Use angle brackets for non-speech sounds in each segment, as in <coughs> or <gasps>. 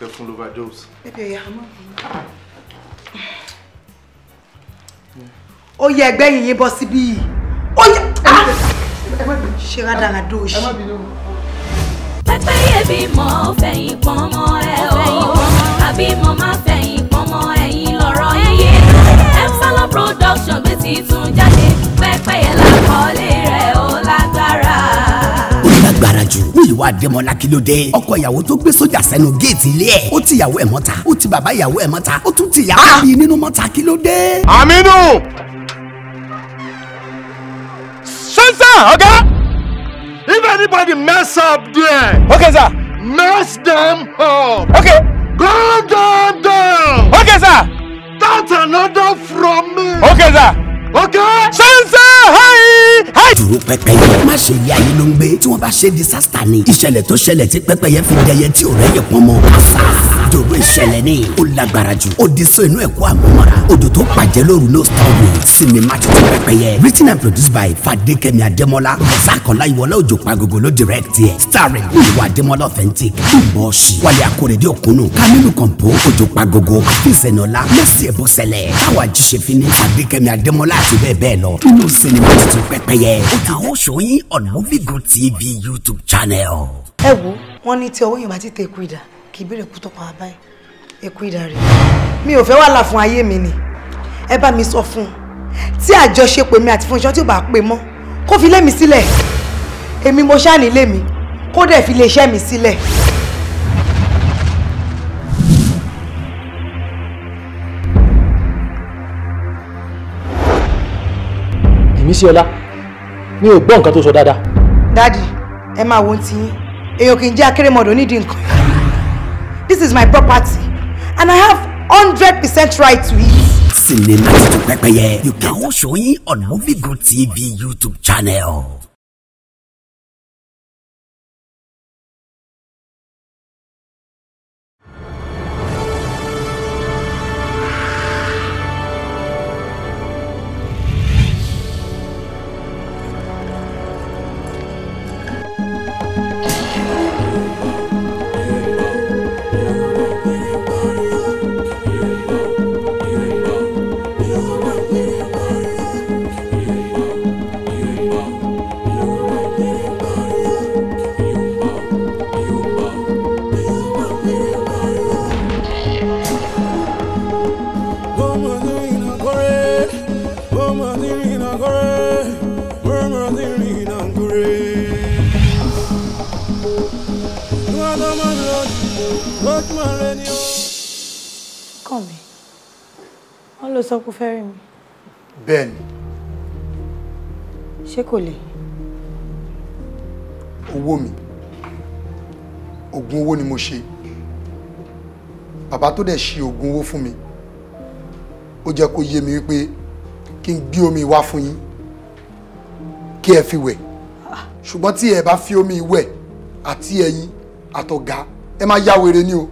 kẹ fún overdose. bébí ẹ̀yà mọ́ mi. ó yẹ ẹgbẹ́ yìnyín yín bọ́ síbí yìí ó yẹ ah! ṣe rádaràdó òṣì. pẹ́pẹ́ yẹ bí mo fẹ̀yìn pọ́n mọ́ ẹ o àbí mo máa fẹ̀yìn pọ́n mọ́ ẹ̀yìn lọ́rọ̀ yìí Epsilon production gbé ti tún jáde pẹ́pẹ́ yẹ lákọ́ọ́lé rẹ o jù nílùú àdèmọ́lá kí ló dé ọkọ ìyàwó tó gbé sójà sẹ́nu géètì ilé ẹ̀ ó ti ìyàwó ẹ̀ mọ́ta ó ti bàbá ìyàwó ẹ̀ mọ́ta ó tún ti ìyá bí nínú mọ́ta kí ló dé. Aminu sẹ́nsà ọ̀gá if anybody mess up there okay sir mess them up okay go down down okay sir that's another from me okay sir okay sẹ́nsà hi dúró pẹ́pẹ́yẹ má ṣe yá yín ló ń gbé tí wọ́n bá ṣe disaster ni ìṣẹ̀lẹ̀ tó ṣẹlẹ̀ tí pẹ́pẹ́yẹ fi dẹyẹ tí ò rẹ́yẹ pọ́n mọ́ àṣà dòdò ìṣẹ̀lẹ̀ ni ó lágbára jù ó di so inú ẹ̀kọ́ àmúmọ́ra odò tó pàjẹ́ lóru no stop me sinmi má ti tó written and produced by fadekemi ademola sakola iwọlá òjò pagogolo ló direct yẹ starring ìwà ademola authentic bọ́ọ̀ṣì wálé akóredé òkúnnù kamilu kọ̀ǹpó òjò pagogo àfihànọ́lá mẹ́sì ẹ̀bùsẹ̀lẹ̀ káwa jíṣẹ́fínní fadekemi ademola àti bẹ́ẹ̀ bẹ́ẹ̀ lọ nínú sinimá tuntun pẹ́pẹ́yẹ bẹ́ẹ̀ ó ti wọ́n ṣọ́ yín on Moviegold TV YouTube channel. ẹ wo wọn ní tí ọwọ́ yẹn ti tẹ eku ìdá kì í bèrè kú tọpa abáyé eku ìdá rẹ mi ò fẹ́ wàhálà fún ayé mi ni ẹ bá mi sọ fún un tí àjọṣepọ̀ mi àti Fúnṣọ́ tí ò bá pè mọ́ kó fi lé mi sílẹ̀ èmi mo ṣáà nílé mi kó dẹ̀ fi lè ṣẹ́ mi sílẹ̀. èmi sí ọlá mi ò gbọ́ nǹkan tó sọ dáadáa. dadi ẹ máa wo ti yín èèyàn kì í jẹ́ akérèmọdò nídìí nǹkan this is my property and i have hundred percent right to it. sinimá tuntun pẹ́pẹ́yẹ you can watch oyin on Movie Gold TV YouTube channel. lójúmọ́ rẹ ni ó. kàn mí wọ́n ló sọ pé fẹ́ rí mi. bẹ́ẹ̀ ni. ṣé kò lè. owó mi oògùn owó ni mo ṣe bàbá tó dẹ̀ ṣe oògùn owó fún mi ó jẹ́ kó yé mi wípé kí n gbé omi wá fún yín kí ẹ fi wẹ̀ ah. ṣùgbọ́n tí ẹ bá fi omi wẹ̀ àti ẹ̀yin àtọ̀gá ẹ máa ya wèrè ni o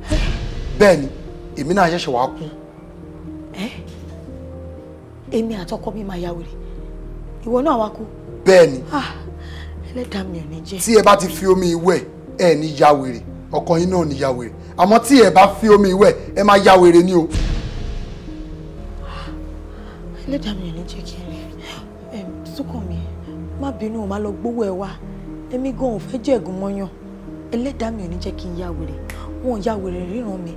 bẹ́ẹ̀ ni èmi náà ṣẹ̀ṣẹ̀ wàá kú. èmi àtọkọ mi máa ya wèrè ìwọ náà wá kú. bẹ́ẹ̀ ni ah, ẹlẹ́dàá mi ò ní jẹ́. tí ẹ bá ti fi omi ìwẹ̀ ẹ ní ya wèrè ọkọ yín náà ní ya wèrè àmọ́ tí ẹ bá fi omi ìwẹ̀ ẹ máa ya wèrè ni o. Ah, ẹlẹ́dàá mi ò ní jẹ́ kí n rí mi má bínú o má lọ gbówó ẹ wá èmi gan ò fẹ́ jẹ̀gùn mọ́yàn ẹlẹ́dàá mi ò ní jẹ́ kí n ya wèrè wọn ò ya wèrè ríran mi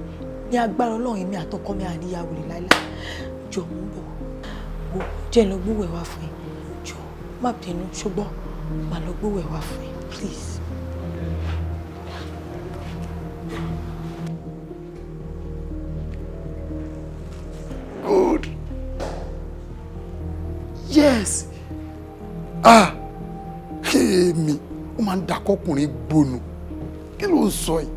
ní agbára ọlọ́run èmi àtọkọ mi àní ya wèrè láíláí jọ mú bọ̀ wo jẹ́ lọ gbówẹ̀ wá fún ẹ jọ má bínú ṣùgbọ́n má lọ gbówẹ̀ wá fún ẹ please. Yes. Ah, kí èmi ó máa ń dakọ́kùnrin gbónú kí ló ń sọ yìí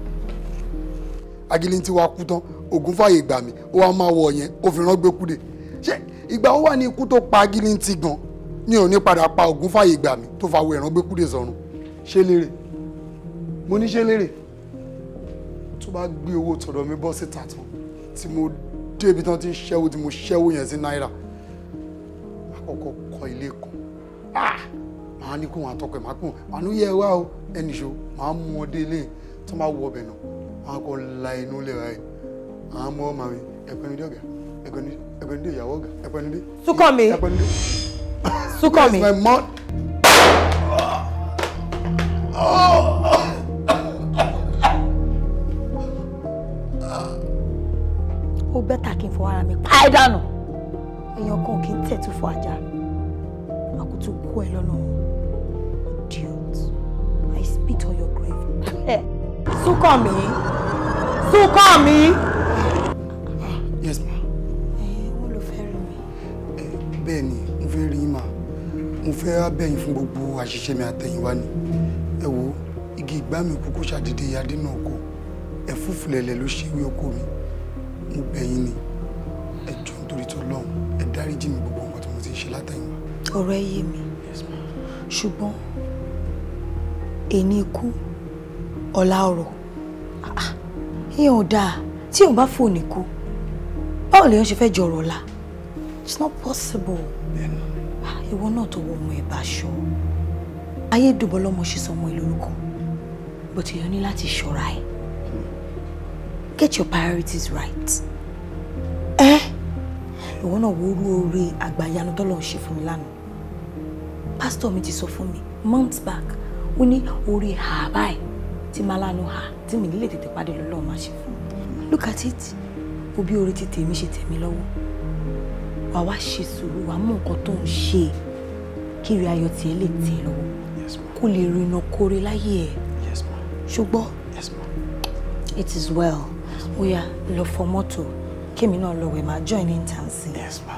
agilinti wa kú tán ogun fàyè gbà mí ó wá máa wọ yẹn ó fi rán gbé kúdè ṣé ìgbà ó wà ní ikú tó pa agilinti gan ni ò ní padà pa ogun fàyè gbà mí tó fa wo ìrán gbé kúdè sọrun ṣé lérè mo ní ṣé lérè tó bá gbé owó tọ̀dọ̀ mi bọ́ síta tán tí mo débi tán ti ṣẹ́wó tí mo ṣẹ́wó yẹn sí náírà àkọ́kọ́ kọ́ ilé kan ah! máa ní kó wọn àtọkọ ẹ̀ máa kó wọn àánú yẹ wá o ẹnìṣó màá mú ọ délé tó máa wọ ọbẹ̀ náà àwọn kan la inú lè ra ẹ̀ àwọn ọmọ ọmọ mi ẹ̀pẹ́nudé ọ̀gá ẹ̀pẹ́nudé ìyàwó ọ̀gá ẹ̀pẹ́nudé. súnkàn mi súnkàn mi. Oh! ó bẹ́tà kí n fọ ara mi pa ẹ́ dànù èèyàn kan kì í tẹ̀tù fọ ajá àkútù kú ẹ lọ́nà ọ̀hún. I spit on your grave. me. Súnkànmí! Yes ma. Eh, wọ́n ló fẹ́ rí mi. Eh, bẹ́ẹ̀ ni, mo fẹ́ rí ma. Mo fẹ́ abẹ́yìn fún gbogbo àṣìṣe mi àtẹ̀yìnwá ni. Ẹ wo, igi ìgbá mi kúkú ṣàdédé yadé náà kọ. Ẹ̀fúfùlẹ̀lẹ̀ ló ṣe ìwé oko mi. Mo bẹ̀yìn ni. Ẹ jọ̀ọ́ nítorí t'Ọlọ́run, ẹ dáríjì mi gbogbo nǹkan tí mo ti ṣe látẹ̀yìnwá. Ọ̀rọ̀ ẹ yé mi. Ṣùgbọ́n èní ikú ọ̀la ọ̀rọ̀ èèyàn ah, ah. ò dáa tí èèyàn bá fòní kú báwo lèèyàn ṣe fẹ́ jọ̀rọ̀ ọ̀la it's not possible ah, ìwọ náà tó wọ ọmọ ẹ̀ bá ṣọ ayé dùbọ̀ lọ́mọ ṣe sọ ọmọ ẹ̀ lórúkọ bó ti ní láti ṣọ́ra ẹ̀ get your priorities right ẹ ìwọ náà wo orú oore àgbàyanu tọ́lọ́ ń ṣe fún mi lánàá pásítọ̀ mi ti sọ fún mi months back ó ní orí ha báyìí tí máa lánàá ha tí mi nílé tètè pàdé lọ́lọ́ máa ṣe fún look at it wo bí orí ti tèmi ṣe tèmi lọ́wọ́ wàá wá ṣe sùúrù wàá mú nǹkan tó ń ṣe kiri ayọ̀ tiẹ̀ lè tẹ̀ lọ́wọ́ kó lè rìnà kórè láyé ẹ̀ ṣùgbọ́n it is well ó yá lọ fọ mọ́tò kémi náà lọ wẹ̀ máa join in tansi. Yes, ma.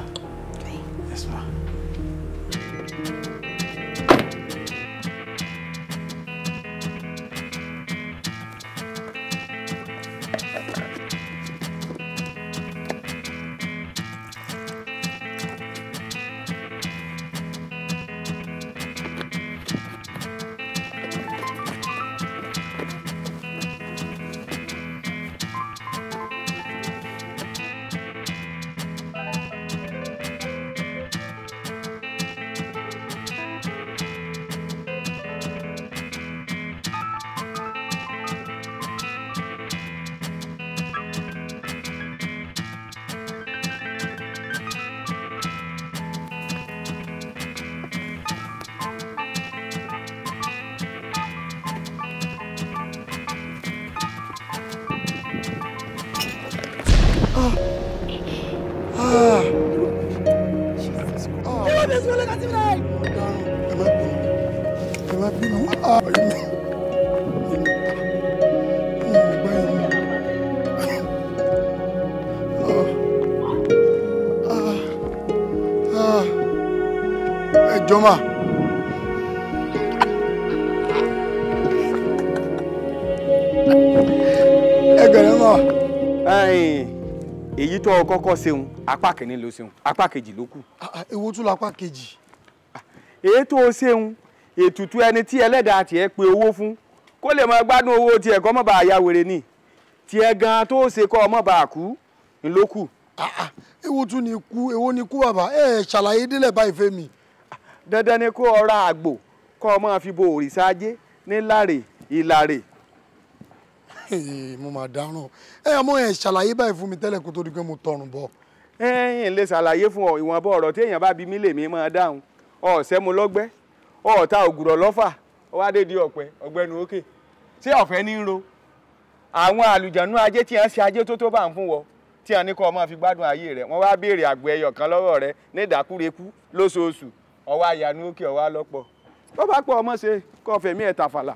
kọ́kọ́ ṣeun apá kìíní ló ṣeun apá kejì ló kù. èwo tún lápá kejì. ètò ṣeun ètùtù ẹni tí ẹlẹ́dàá tiẹ̀ pe owó fún kó lè máa gbádùn owó tiẹ̀ kọ́ mọ́ bá a ya wèrè ni tiẹ̀ gan tó ṣe kọ́ mọ́ bá a kú ló kù. èwo tún ni ikú èwo ni ikú bàbá ẹ ṣàlàyé délẹ̀ báyìí fẹ́ mi. dandan ni kó o ra àgbò kó o máa fi bo òrìṣà ajé níláre ìlàrè mo máa dáràn ẹ ọmọ ẹ ṣàlàyé báyìí fún mi tẹ́lẹ̀ kó tó di pé mo tọrùn bọ̀. ẹyìn lè ṣàlàyé fún ọ ìwọ̀nba ọ̀rọ̀ tí èèyàn bá bi mí lè mí máa dáhùn ọ̀sẹ́ mo lọ́gbẹ́ ọ̀ọ́ta ògùrọ̀ lọ́fà ọwádé di ọ̀pẹ ọ̀gbẹ́nu òkè ṣé ọ̀fẹ́ ní ń ro àwọn àlùjànnú ajé tí wọ́n ṣe ajé tó tó bá ń fún wọ tí wọ́n ní kọ́ ọmọ fi gbádùn ayé rẹ̀ wọ́n wá béèrè àgbò ẹyọ kan lọ́wọ́ rẹ̀ ní ìdákúrekú lóṣooṣù ọwọ́ àyànú òkè ọwọ́ àlọ́pọ̀ tó bá pọ̀ ọmọ ṣe kọ́ fẹ̀mí ẹ̀ tàfàlà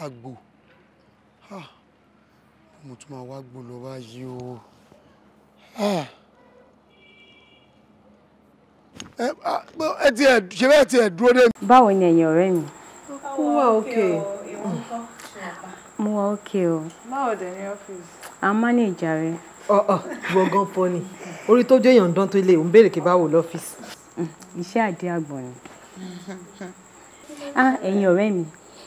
Agbo, mo tún máa wá gbò lọ báyìí o ẹ ti ẹ ṣe bẹ́ẹ̀ ti ẹ dúró dé. báwo ni ẹ̀yin ọ̀rẹ́ mi. ó wà òkè mo wà òkè o. báwo dẹ̀ ní ọ́fíìsì. a máa ní ìjà rẹ. gbọ̀ngàn pọ̀ ni orí tó jẹ́ èèyàn dán tó lè ń béèrè kí báwo lọ́fíìsì. Mm, iṣẹ́ àdé àgbọ̀n ni. Ah, ẹ̀yin ọ̀rẹ́ mi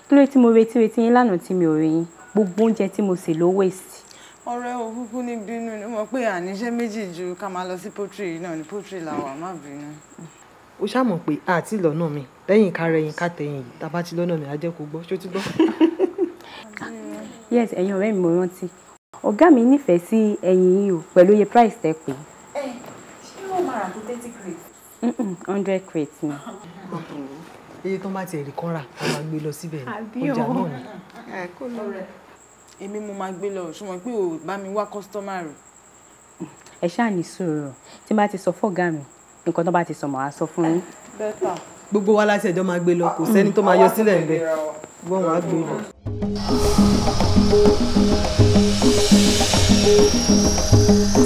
kí ló tí mo retí retí yín lánàá tí mi ò rí yín gbogbo oúnjẹ tí mo sè ló waste. ọ̀rẹ́ o kúkú ní bínú ni mo pé àníṣe méjì ju ká máa lọ sí poultry yìí náà ni poultry làwà má bínú. o ṣàmọ̀ pé àti lọ́nà mi lẹ́yìn ká rẹyìn ká tẹ̀yìn yìí tá a bá ti lọ́nà mi á jẹ́ gbọ́ ṣó ti gbọ́. <laughs> yes ẹ̀yin ọ̀rẹ́ mi mo rántí ọ̀gá mi nífẹ̀ẹ́ sí ẹyin yìí o pẹ̀lú iye price tẹ́ pé. Eh, ṣé wọ́n máa rà tó thirty crate. hundred crate ni. <laughs> iye tó má tiẹ̀ rí kọ́ra a máa gbé lọ síbẹ̀ ọjà náà ni. kó lọ rẹ èmi mo máa gbé lọ ṣùgbọ́n pé ò bá mi wá kọ́sítọ́mà rẹ̀. ẹ ṣáà ní sùúrù tí n bá ti sọ fọ́gà mi nǹkan tó bá ti sọ mọ̀ á sọ fún yín. gbogbo wa láti ẹjọ́ máa gbé lọ kò sẹ́ni tó máa yọ sílẹ̀ ń bẹ̀ wọ́n wàá gbé lọ. Thank you.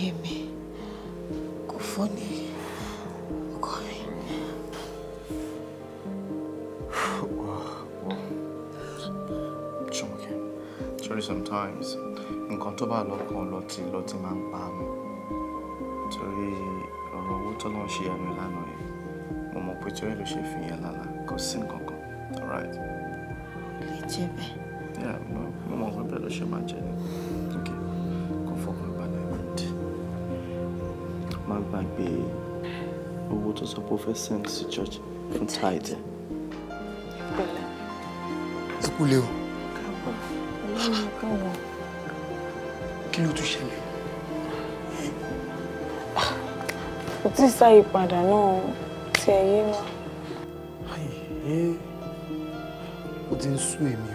yé mi kò fọ́ ni ọkọ mi. Ṣọmọkẹ́ sorry sometimes nǹkan tó bá lọ́kàn lọ́tí lọ́tí máa ń pa mọ́ torí ọ̀rọ̀ owó tó lọ́n ṣe ẹnu lánàá yẹn mo mọ̀ pé torí ló ṣe fi yẹn lálá kò sí nǹkan kan alright. Lè jẹ́ bẹ́ẹ̀. Yeah, mo mọ̀ pé bẹ́ẹ̀ ló ṣe máa jẹ ni. Okay. gbàgbé owó tó sọ pé ó fẹ́ send sí church fún tithe. ẹ kú lé o. káwọn ọlọ́run káwọn. kí ló tún ṣẹlẹ̀. kò tí ì sáyé padà náà ti ẹ̀yẹ́ náà. ayé ó ti ń sú èmi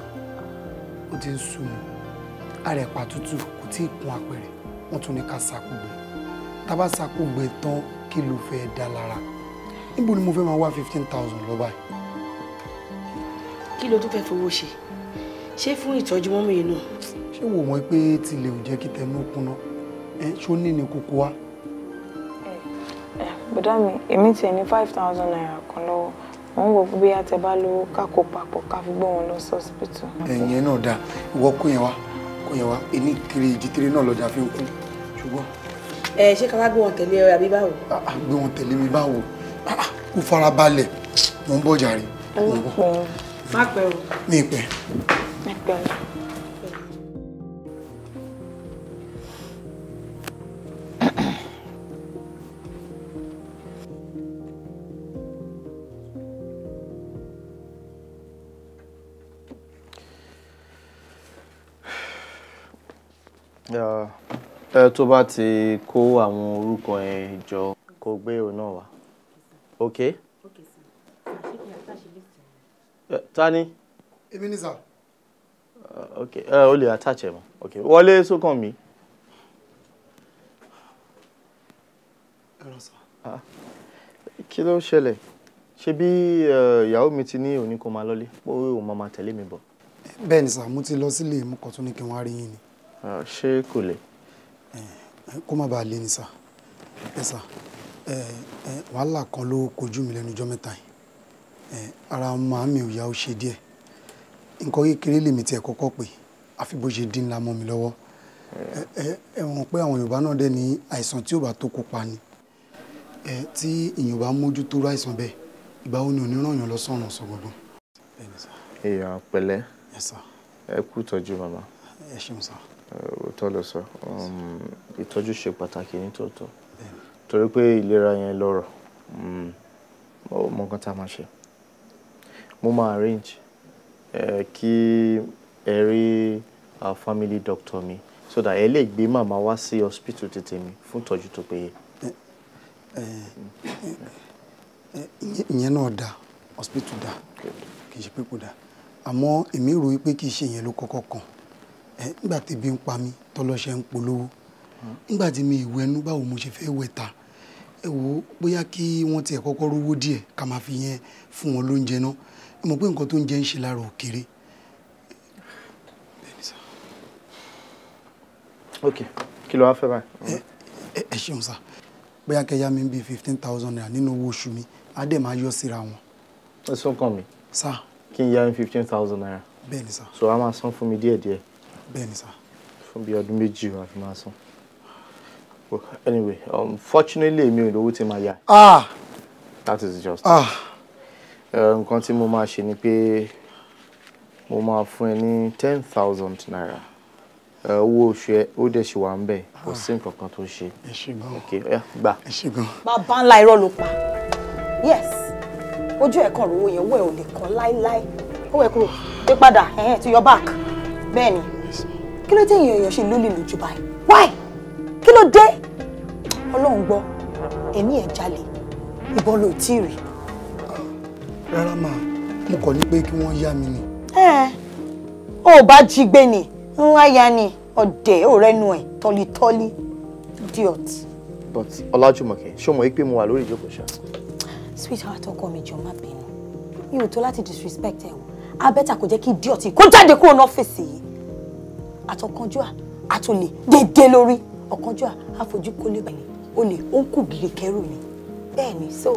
o ó ti ń sú mi àrẹ̀pà tútù kò tí ì kún apẹ̀rẹ̀ wọ́n tún ní ká sá gbogbo tábà ṣàkógbè tán kí ló fẹ́ dá lára níbo ni mo fẹ́ máa wá fifteen thousand lọ báyìí. kí ló tún fẹ́ fowó ṣe ṣé fún ìtọ́jú mọ́mí yìí náà. ṣé wò wọ́n pé tilẹ̀ ò jẹ́ kí tẹnu kúnná ẹ ṣó ní ní kókó wa. Eh, eh, bùdá mi èmi tiẹ̀ ní five thousand naira kan lọ́wọ́ wọ́n wò bí a tẹ bá lówó kákó papọ̀ ká fi gbọ́ wọn lọ sọ́sibítù. ẹ̀yin náà dáa ìwọ kó yẹn wá kó yẹn wá ẹni kiri ìdí tiri náà lọ́jà fi ń kú ṣùgbọ́n ẹ eh, ṣé ká wá gbé wọn tẹ̀lé ẹ àbí báwo. Ah, ah, gbé wọn tẹ̀lé mi báwo ah, kó fara balẹ̀ mò ń bọ̀ jàre. má pẹ́ o. mi pẹ́. mi pẹ́ o. tó bá ti kó àwọn orúkọ yẹn jọ kó gbé òun náà wá ok. tani. Eh, èmi ni sà. Eh, ok eh, o lè attach ẹ mọ ok wọlé sókàn mi. Ah. kí ló ṣẹlẹ̀ ṣe bí ìyàwó mi ti ní òní kó máa lọlé pé òun máa máa tẹ̀lé mi bọ̀. bẹ́ẹ̀ ni sà mo ti lọ sílé mo kàn tún ní kí n wá rí yín ni. Ah, ṣé kò lè. Eh, kó má bàa lé ní sà ẹ sà ẹ ẹ wàhálà kan ló kojú mi lẹ́nu ọjọ́ mẹ́ta yìí ẹ ara màá mi ò yá ó ṣe díẹ̀ nǹkan kékeré lèmi tiẹ̀ kọ́kọ́ pé àfi bó ṣe dín ńlá mọ́ mi lọ́wọ́ ẹ ẹ wọn pé àwọn Yorùbá náà dẹ̀ ní àìsàn tí ò bá tó kópa ni ẹ tí èèyàn bá mójútó ráìsàn bẹ́ẹ̀ ìgbà wo ni ò lọ sọ̀rùn ọ̀sán èèyàn pẹ̀lẹ́ ẹ kú tọ́jú bàbá. ẹ ṣeun sá òótọ́ ló sọ um, ìtọ́jú ṣe pàtàkì nítòótọ́ torí pé ìlera yẹn lọ́rọ̀ um, mọ nǹkan tá a máa ṣe mo máa arrange kí ẹ rí family doctor mi so that ẹ lè gbé màmá wá sí hospital tètè mi fún ìtọ́jú tó péye. ìyẹn náà dáa hospital dáa kì í ṣe pé kò dáa àmọ́ èmi rò wípé kì í ṣe ìyẹn ló kọ́kọ́ kàn ẹ nígbà tèbi ń pa mí tọlọ́ṣẹ́ ń polówó nígbà tí mi ìwé ẹnu báwo mo ṣe fẹ́ wẹ̀ ta ẹ wo bóyá kí wọ́n tiẹ̀ kọ́kọ́ rówó díẹ̀ ká máa fi yẹn fún wọn lóúnjẹ náà ẹ mọ̀ pé nǹkan tó ń jẹ ń ṣe lára òkèrè. ok kí ló wá fẹ́ báyìí. ẹ ṣeun sá bóyá kẹyà mi ń bíi fifteen thousand naira nínú owó oṣù mi á dẹ̀ máa yọ síra wọn. ẹ sọ kàn mí. sá. kí n yá ní fifteen thousand naira. bẹ́ẹ̀ ni sá. so a máa san fún mi díẹ̀díẹ̀ bẹ́ẹ̀ sir, sá. fún bíi ọdún méjì wà fi máa san anyway um, fortunately èmi ò lówó tí màá yá. ah that is just. ah eh, nǹkan tí mo máa ṣe ni pé mo máa fún ẹ ní ten thousand naira eh, owó oṣù ẹ ó dẹ̀ ṣì wà ń bẹ̀ kò ah. sí nǹkan kan tó ṣe. ẹ ṣe gan ok ẹ gbà. ẹ ṣe gan. bàbá ńlá irọ́ ló pa yes ojú ẹ̀ kan rò ó yẹn owó ẹ̀ ò lè kàn láéláé owó ẹ̀ kúrò dé padà ẹ̀hẹ́n to your back bẹ́ẹ̀ kí ló dé èèyàn èèyàn ṣe lólè lójú báyìí why kí ló dé ọlọ́run gbọ́ ẹ̀mí ẹ̀ jalè ìbọn ló tí ì rí. rárá màá mo kọ̀ ní pé kí wọ́n yá mi ni. ẹ ò bá jí gbé ni ńlá ya ni ọ̀dẹ̀ ò ẹ̀ tọ́lítọ́lí idiot. but ọlájúmọ̀kẹ́ ṣé o mọ̀ pé mo wà lórí ìjókòó ṣá. sweetheart ọkọ mi jọ má bínú mi ò tó láti disrespect ẹ o abẹ́ta kò jẹ́ kí idiot kó jáde kúrò ní ọ́fíìsì yìí àtọkànjúà àtòlè dédé lórí ọ̀kánjúà àfojú kólé bẹ̀rẹ̀ olè ó ń kù gírí kẹrù ni bẹ́ẹ̀ ni so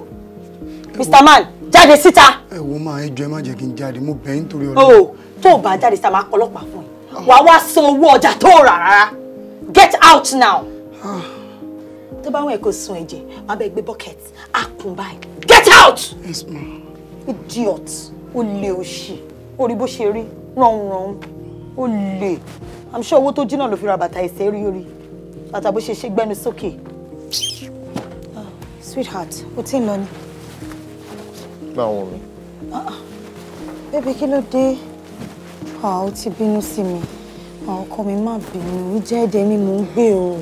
mr man jáde síta. ẹ wo máa ẹ jọ ẹ má jẹ́ kí n jáde mo bẹ̀ ẹ́ nítorí ọlọ́run. o tó o bá jáde síta máa kọlọ́pàá fún ẹ ah. wà á wá san owó ọjà tó rà rárá get out now. Ah. tó bá wọn ẹ kò sun ẹ̀jẹ̀ má bẹ gbé bucket á kún báyìí get out. yes ma. idiot O òṣì orí bó ṣe rí O olè i'm sure owó tó jí náà ló fi ra bàtà ẹsẹ̀ rí orí bàtà bó ṣe ṣe gbẹ́nu sókè. Ah, sweetheart o ti ń lọ ni. báwo mi. Ah, bébí kí ló dé ah, o ti bínú sí mi ọkọ mi má bínú jẹ́ èdè mi mò ń gbé o.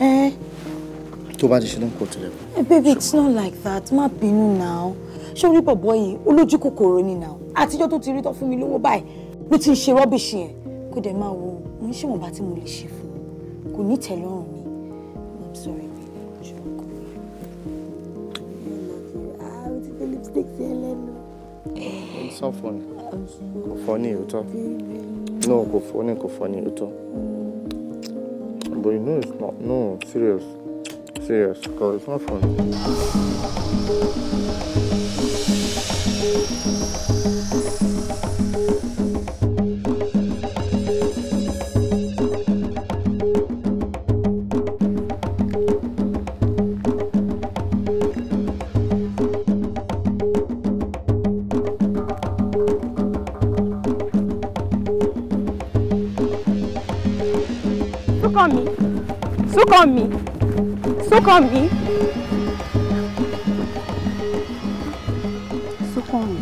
Eh? tó bá ti ṣe ló ń kó tilẹ̀. baby it's not like that Ma binu now ṣé orí bọ̀bọ̀ yìí olójú kòkòrò ni now àtijọ́ tó ti rí tán fún mi lówó báyìí ló ti ń ṣe rọ́bìṣì kó dẹ̀ máa wo mo ń ṣèwọ̀nba tí mo lè ṣe fún un kò ní ìtẹ̀lọ́rùn ni i'm sorry sọ fún kò fọ́ ní no kò fọ́ kò fọ́ ní but you know it's not no serious serious Cause it's not funny. Súnkànmí. Súnkànmí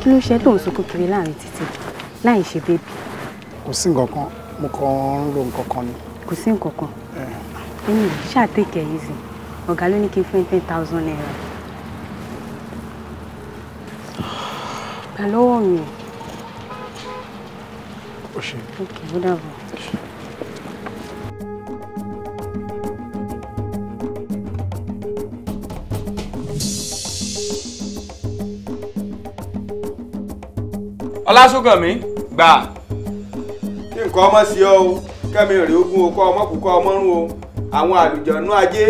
kí ló ṣe tó ń sunkún kiri láàrin títí láì ṣe bébì. kò sí nǹkan kan mo kàn ń ro nǹkan kan ni. kò sí nǹkan kan ẹ̀yin ṣàtẹ̀kẹ̀ yìí sí ọ̀gá ló ní kí n fún ten thousand naira. gbà lọ́wọ́ mi o. ó ṣe. ok ó dàbọ̀. ọlásùnkànmí gbà. kí nǹkan ọmọ sí ọ o kẹ́mi rè ogun o kọ́ ọmọ kù kọ́ ọmọ rún o àwọn àlùjọ̀nú ajé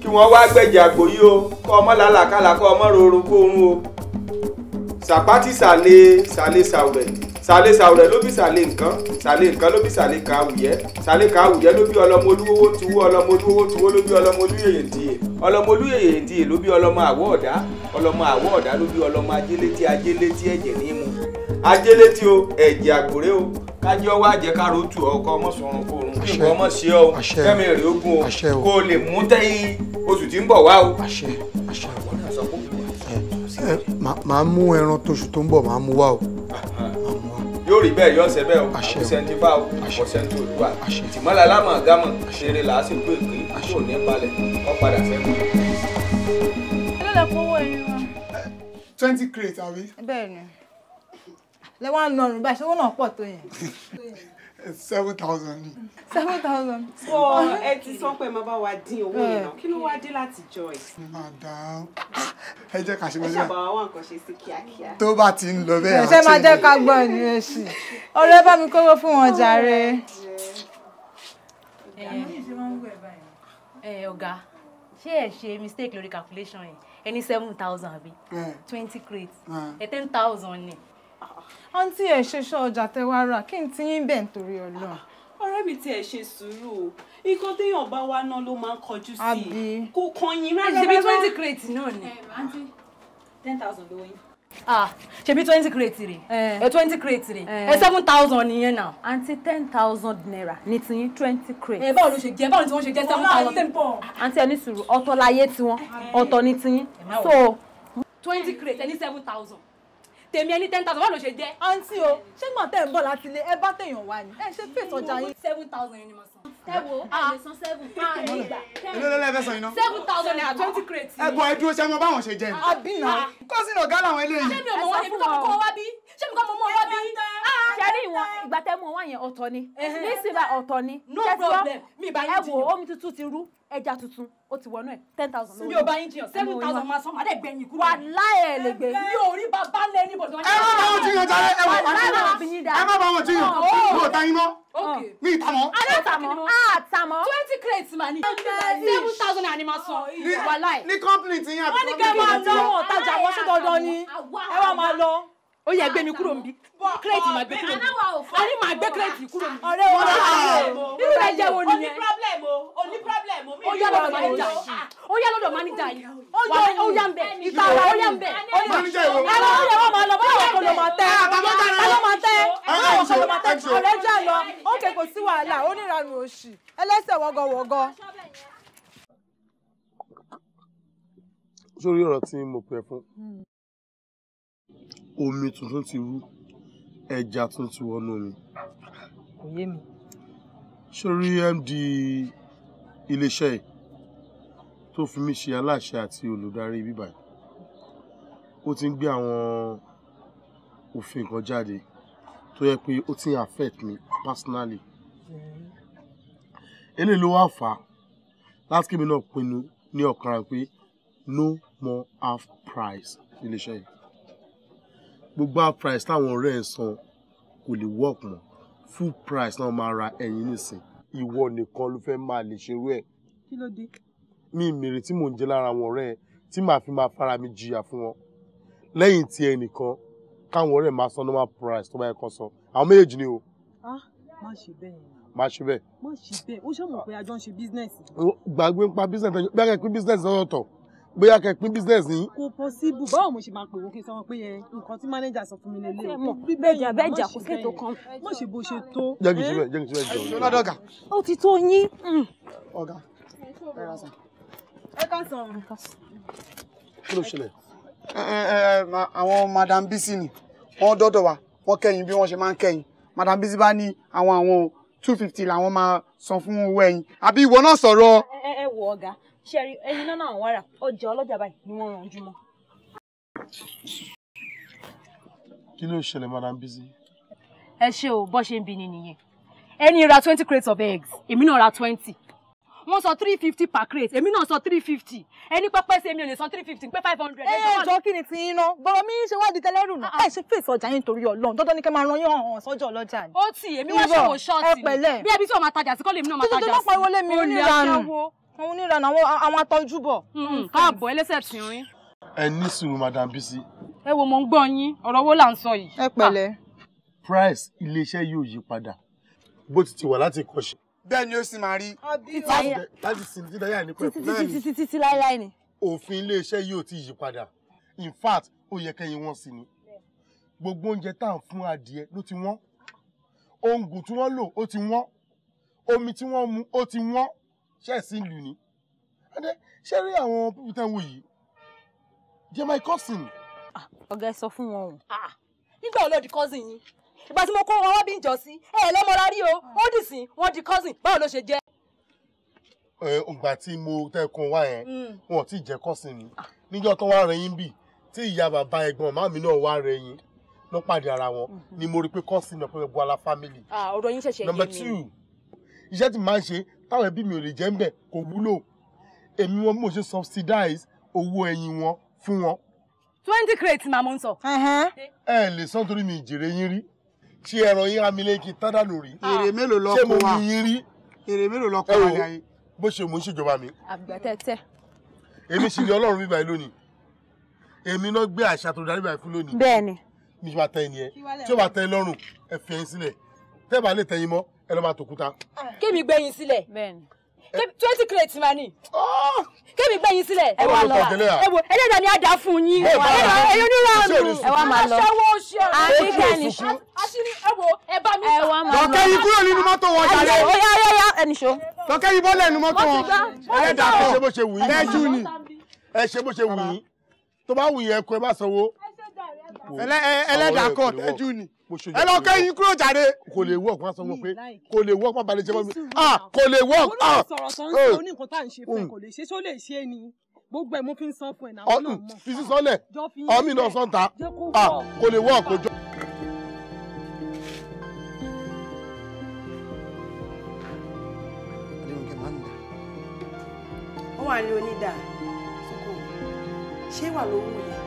kí wọ́n wá gbẹ̀jẹ̀ àgbò yìí o kọ́ ọmọ làlàkàlà kọ́ ọmọ rorun kó rún o. sàpátì sàlè sàlè sàwẹ̀ sàlè sàwẹ̀ ló bí sàlè nǹkan sàlè nǹkan ló bí sàlè kan àwùyẹ́ sàlè kan àwùyẹ́ ló bí ọlọ́mọ olúwowó tuwó ọlọ́mọ olúwowó tuwó ló bí ọlọ́mọ olúyèyè ntìyè ọlọ́mọ olúyèyè ntìyè ló bí ọlọ́mọ àwọ̀ ọ̀dá ọlọ́mọ àwọ̀ ọ̀dá ló bí ọlọ́mọ ajélétí ajélétí ẹ̀jẹ̀ ní ajélétí o ẹ̀jẹ̀ àgbòrè o kájí ọwọ́ àjẹkáro tù ọkọ ọmọ sọrun kí nǹkan ọmọ ọ kẹmi rè ogun o kó o lè mú tẹ́yìn oṣù tí ń bọ̀ wá o. màá mú ẹran tóṣù tó ń bọ̀ màá mú wá o yóò rí bẹ́ẹ̀ yọ̀ọ́sẹ̀ bẹ́ẹ̀ o àṣẹ sẹ́ńtífà o ọ̀sẹ̀ńtì olúwa tìmọ́lá lámà gámà ṣeré làásìkò èké kò ní balẹ̀ kọ́ padà sẹ́nu. ẹ lọ́lẹ̀ kó ẹ̀yìn wa. twenty crate àbí. bẹ́ẹ̀ ni lẹ wá ń nọrùn báyìí ṣé owó náà pọ̀ tó yẹn. seven thousand ni. seven thousand. ọ ẹ ti sọ pé màá bá wa dín owó yẹn náà kí ló wá dé láti Joyce. madam ẹ jẹ́ ká ṣe mọ́ṣẹ́. ẹ ṣàbàwọ́ nǹkan ṣe sí kíákíá. tó bá ti ń lọ bẹ́ẹ̀ àti. ṣe máa jẹ́ ká gbọ́ ẹni èsì ọ̀rẹ́ bá mi kówó fún wọn jàre. ọ̀gá ṣé ẹ ṣe mistake lórí calculation yẹn ẹni seven thousand àbí twenty crates ẹ ten thousand ni àǹtí ẹ̀ ṣe ṣọ́ ọjà tẹ́wàá rà kí n ti yín bẹ̀ nítorí ọlọ́run ọ̀rẹ́ mi tiẹ̀ ṣe sùúrù o ikọ́ téèyàn bá wá náà ló máa ń kọjú sí i kò kan yín rárá. ṣebí twenty crate náà ni. àǹtí ten thousand ló wọ́n ah ṣebí twenty crate rè ẹ twenty crate rè ẹ seven thousand nìyẹn náà. àǹtí ten thousand naira ní tiyín twenty crate. ẹ báwo ló ṣe jẹ báwo ni tí wọ́n ṣe jẹ seven thousand. àǹtí ẹ ní sùúrù ọ̀tọ̀ láyé tiwọn ọ̀tọ̀ ní tiyín so twenty crate ẹ ní seven thousand tèmi ẹni ten thousand báwo ló ṣe jẹ́. àǹtí o ṣé gbọ̀n tẹ̀ ń bọ̀ láti ilé ẹ bá tèèyàn wá ni ẹ ṣe fèsì ọjà yín. seven thousand ni mo san. ẹ wo àmì san seven fún ìgbà. èló ló iná. seven thousand naira twenty crates. ẹ bọ ẹ dúró ṣe ọmọ báwọn ṣe jẹ. àbí náà kọ́sìn ọ̀gá làwọn eléyìí. ṣé mi ò mọ̀ wọ́n ni kọ́kọ́ wá bí ṣé mi kọ́ mo mú ọwọ́ bí ah, ṣẹ́rí ìwọ ìgbà tẹ́ mú ọwọ́ yẹn ọ̀tọ̀ ni nísìnyí ọ̀tọ̀ ni ẹ wo omi tuntun ti rú ẹja tuntun ó ti wọnú ẹ ten thousand lórí mi ò bá yín jiyàn seven thousand máa sọ máa dẹ gbẹ̀yìn kúrò. wà láyé lè gbé. mi ò rí bàbá lẹ ní bọ̀dọ̀. ẹ má bá wọn jiyàn jàre ẹ wọ àti yín ẹ má bá wọn jiyàn mi ò oh. yín mọ́ mi ì ta mọ́. alẹ́ ah, àtàmọ́ àtàmọ́ ah, twenty crates mà ní. seven thousand àni máa sọ oh, wà láyé. ní company ti yín wọ́n ní kẹ́ máa lọ́wọ́ ọ̀tajà wọ́n dandan ni ẹ wá máa lọ ó yẹ gbé kúrò nbí kírètì máa gbé kúrò nbí àní máa gbé kírètì kúrò nbí. ọ̀rẹ́ wa irú rẹ̀ jẹ́ wo nìyẹn. problem o o problem o. ó yá lọ́dọ̀ manager ó yá lọ́dọ̀ manager yìí ó yá ń bẹ̀ ó yá ń bẹ̀. ó yẹ wọ́n máa lọ báwo kò ló máa tẹ́ ẹ̀rọ máa tẹ́ ọ̀rẹ́ jẹ́ lọ ó kè kò sí wàhálà ó níranù ẹlẹ́sẹ̀ wọ́gọ́wọ́gọ́. sórí ọ̀rọ̀ tí mo pè fún omi tuntun ti rú ẹja tuntun ti wọnú omi. kò yé mi. sórí md iléeṣẹ́ yìí tó fi mí ṣe aláṣẹ àti olùdarí bíbá yìí ó ti ń gbé àwọn òfin kan jáde tó yẹ pé ó ti ń affect me personally mm-hmm. eléyìí ló wá fà á láti kí mi náà pinnu ní ọ̀kan rẹ̀ pé no more half price iléeṣẹ́ yìí gbogbo half price táwọn ọ̀rẹ́ ẹ̀ san kò lè work mọ́ full price náà máa ra ẹyin nísìn ìwọ nìkan ló fẹ́ máa lè ṣerú ẹ̀. kí ló dé. mi mèrè tí mò ń jẹ lára àwọn ọ̀rẹ́ ẹ tí màá fi máa fara mi jìyà fún wọn lẹ́yìn tí ẹnìkan káwọn ọ̀rẹ́ máa san normal price tó bá yẹ kán san àwọn méjèèjì ni o. ah má ṣe bẹ́ẹ̀ ni má ṣe bẹ́ẹ̀. má ṣe bẹ́ẹ̀ ó ṣàmọ̀ pé a jọ ń ṣe bísínẹ́sì. gbàgbé ń pa bísínẹ́sì gbàgbé ń pa bísínẹ́sì lọ́tọ̀ bóyá kẹ pín business yín. kò possible báwo mo ṣe máa pè wọ́n kí n sọ wọn pé yẹn nǹkan tí manager sọ fún mi lè lé o. bẹ́ẹ̀jà bẹ́ẹ̀jà kò sí ètò kan. mo ṣe bó ṣe tó. jẹ́ kí n ṣe bẹ́ẹ̀ jẹ́ kí n ṣe bẹ́ẹ̀ jọ. ọlọ́dọ̀ ọ̀gá. ó ti tó yín. Mm. ọ̀gá ẹ ra sàn. ẹ ká sàn. kí ló ṣẹlẹ̀. àwọn madam Bisi ni wọ́n dọ́dọ̀ wa wọ́n kẹ́yìn bí wọ́n ṣe máa ń kẹ́yìn madam Bisi bá ní àwọn àwọn two fifty làwọn máa san fún owó ẹ̀yìn àbí ìwọ náà sọ̀rọ̀. ẹ ẹ wò ọ̀gá ṣe rí ẹyin náà náà wàrà ọjà ọlọ́jà báyìí ni wọ́n rànjú mọ́. kí ló ṣẹlẹ̀ madam Bisi. ẹ ṣe o bó ṣe ń bi ni nìyẹn ẹni ra twenty crates of eggs èmi náà ra twenty wọ́n sọ three fifty per crate èmi náà sọ three fifty ẹni pẹ́pẹ́ sí èmi ò lè san three fifty pé five hundred. ẹ jọ kí ni ti yín náà bọ̀rọ̀ mi ṣe wá di tẹlẹ́rù náà ah, ah. ẹ ṣe fèsì ọjà yín torí ọlọ́run dandan ni kẹ́ máa ran yín hàn sọ́jà ọlọ́jà ni. ó ti èmi wá ṣòwò ṣọ́ọ̀tì bí ẹbí tí wọ́n máa tajà sí kọ́lé mi náà máa tajà sí. tuntun tó bá pariwo lé mi ò ní ìyanu àwọn oníranà àwọn atọ́jú bọ̀. Hmm, káàbọ̀ ẹlẹ́sẹ̀ tí ń rí. ẹ ní sùúrù madam Bisi. ẹ wo mo ń gbọ́ yín ọ̀rọ̀ wo là ń sọ yìí. ẹ pẹ̀lẹ́. price iléeṣẹ́ yóò yí padà bó ti ti wà láti kọ́ṣẹ́. bẹ́ẹ̀ ni ó sì máa rí. láti sin dídáyà ní pẹ̀lú náà ni títí láéláé ni. òfin iléeṣẹ́ yóò ti yí padà in fact ó yẹ kẹ́yìn wọn sí ni gbogbo oúnjẹ tá à ń fún adìẹ ló ti wọ́n oògùn tí wọ́n lò ó ti wọ́n omi tí wọ́n mu ó ti wọ́n ṣẹ́ẹ̀sì ìlú ni ẹ̀dẹ́ ṣé rí àwọn pípẹ́ tẹ́ ń wò yìí jẹ́ my cousin. Ah, ọ̀gá ẹ sọ fún wọn o. Ah, nígbà wo ló di cousin yín ìgbà tí mo kó wọn wá bí ìjọ sí ẹ ẹ lọ́mọ rárí o ó dì sí wọn di cousin báwo ló ṣe jẹ́. ìgbà tí mo tẹ́ kun wá yẹn hmm. wọn ò tí ì jẹ́ cousin mi níjọ́ tó wá rẹ̀ yín bì tí ìyá bàbá ẹ̀gbọ́n màmí náà wá rẹ̀ yín ló pàdé ara wọn hmm. ni mo rí pé cousin náà pé gbọ́ ala family. ọ̀rọ̀ yín ṣẹ̀ṣẹ̀ yé mi. number two iṣẹ́ tí màá ṣe táwọn ẹbí mi ò lè jẹ́ ńbẹ̀ kò wúlò èmi wọn mo ṣe subsidize owó ẹyin wọn fún wọn. twenty crates màmú ń sọ. ẹ lè sọ nítorí mi ìjèrè yín rí tí ẹ̀rọ yín hami lẹ́kì tádà lórí. Ah. èrè mélòó lọ kó wa ṣé mo mú yín rí. èrè mélòó lọ kó wa ní ayé. bó ṣe mò ń ṣèjọba mi. àgbẹ̀tẹ̀tẹ̀. èmi sì ni ọlọ́run bíbá yìí lónìí èmi náà gbé àṣà tó darí bíbá yìí fún lónìí. bẹ́ẹ̀ni. mi ti máa tẹ ẹni yẹn tí ó bá tẹ ẹ lọ́rùn ẹ fi ẹyin sílẹ̀ tẹ́ bá lè tẹyin mọ́ ẹ lọ máa tòkúta. kémi gbẹ̀yìn sílẹ̀ twenty crates ma ni ah! kémi gbẹ̀yìn sílẹ̀ ẹ wà lọ ẹ wò ẹlẹ́dàá ni a dà fún yín ẹ onírà ọ̀nù ẹ wà máa lọ àbíkẹ́ ni ẹ wò ẹ bá mi fà. lọ́kẹ́ yìí kúrò nínú mọ́tò wọn jáde. ọ̀yá ọ̀yá ọ̀yá ẹnìṣó. lọ́kẹ́ yìí bọ́lẹ̀ nínú mọ́tò wọn ẹlẹ́dàá kọ́ ẹ ṣe bó ṣe wù yín ẹ ṣe bó ṣe wù yín tó bá wù yín ẹ ẹ bá sanwó ẹlẹ́dàá kọ́ ẹjú ni ẹ lọ kẹ́yìn kúrò jáde kò lè work wọn sọ wọn pé kò lè work wọn balẹ̀ jẹ́ wọn ah kò lè work ah. olùsọ̀rọ̀ tó ń sọ oníkan tá à ń ṣe fún ẹ mm. kò lè ṣe ṣó lè ṣe ni gbogbo ẹ̀ mo fi ń san fún ẹ̀ náà wọn náà mm, mọ̀. fi sísọ́lẹ̀ ọmọ ìlọ sọ́ńtà ah kò lè work kò jọ. wà ní onídà ṣé wà lówó yẹn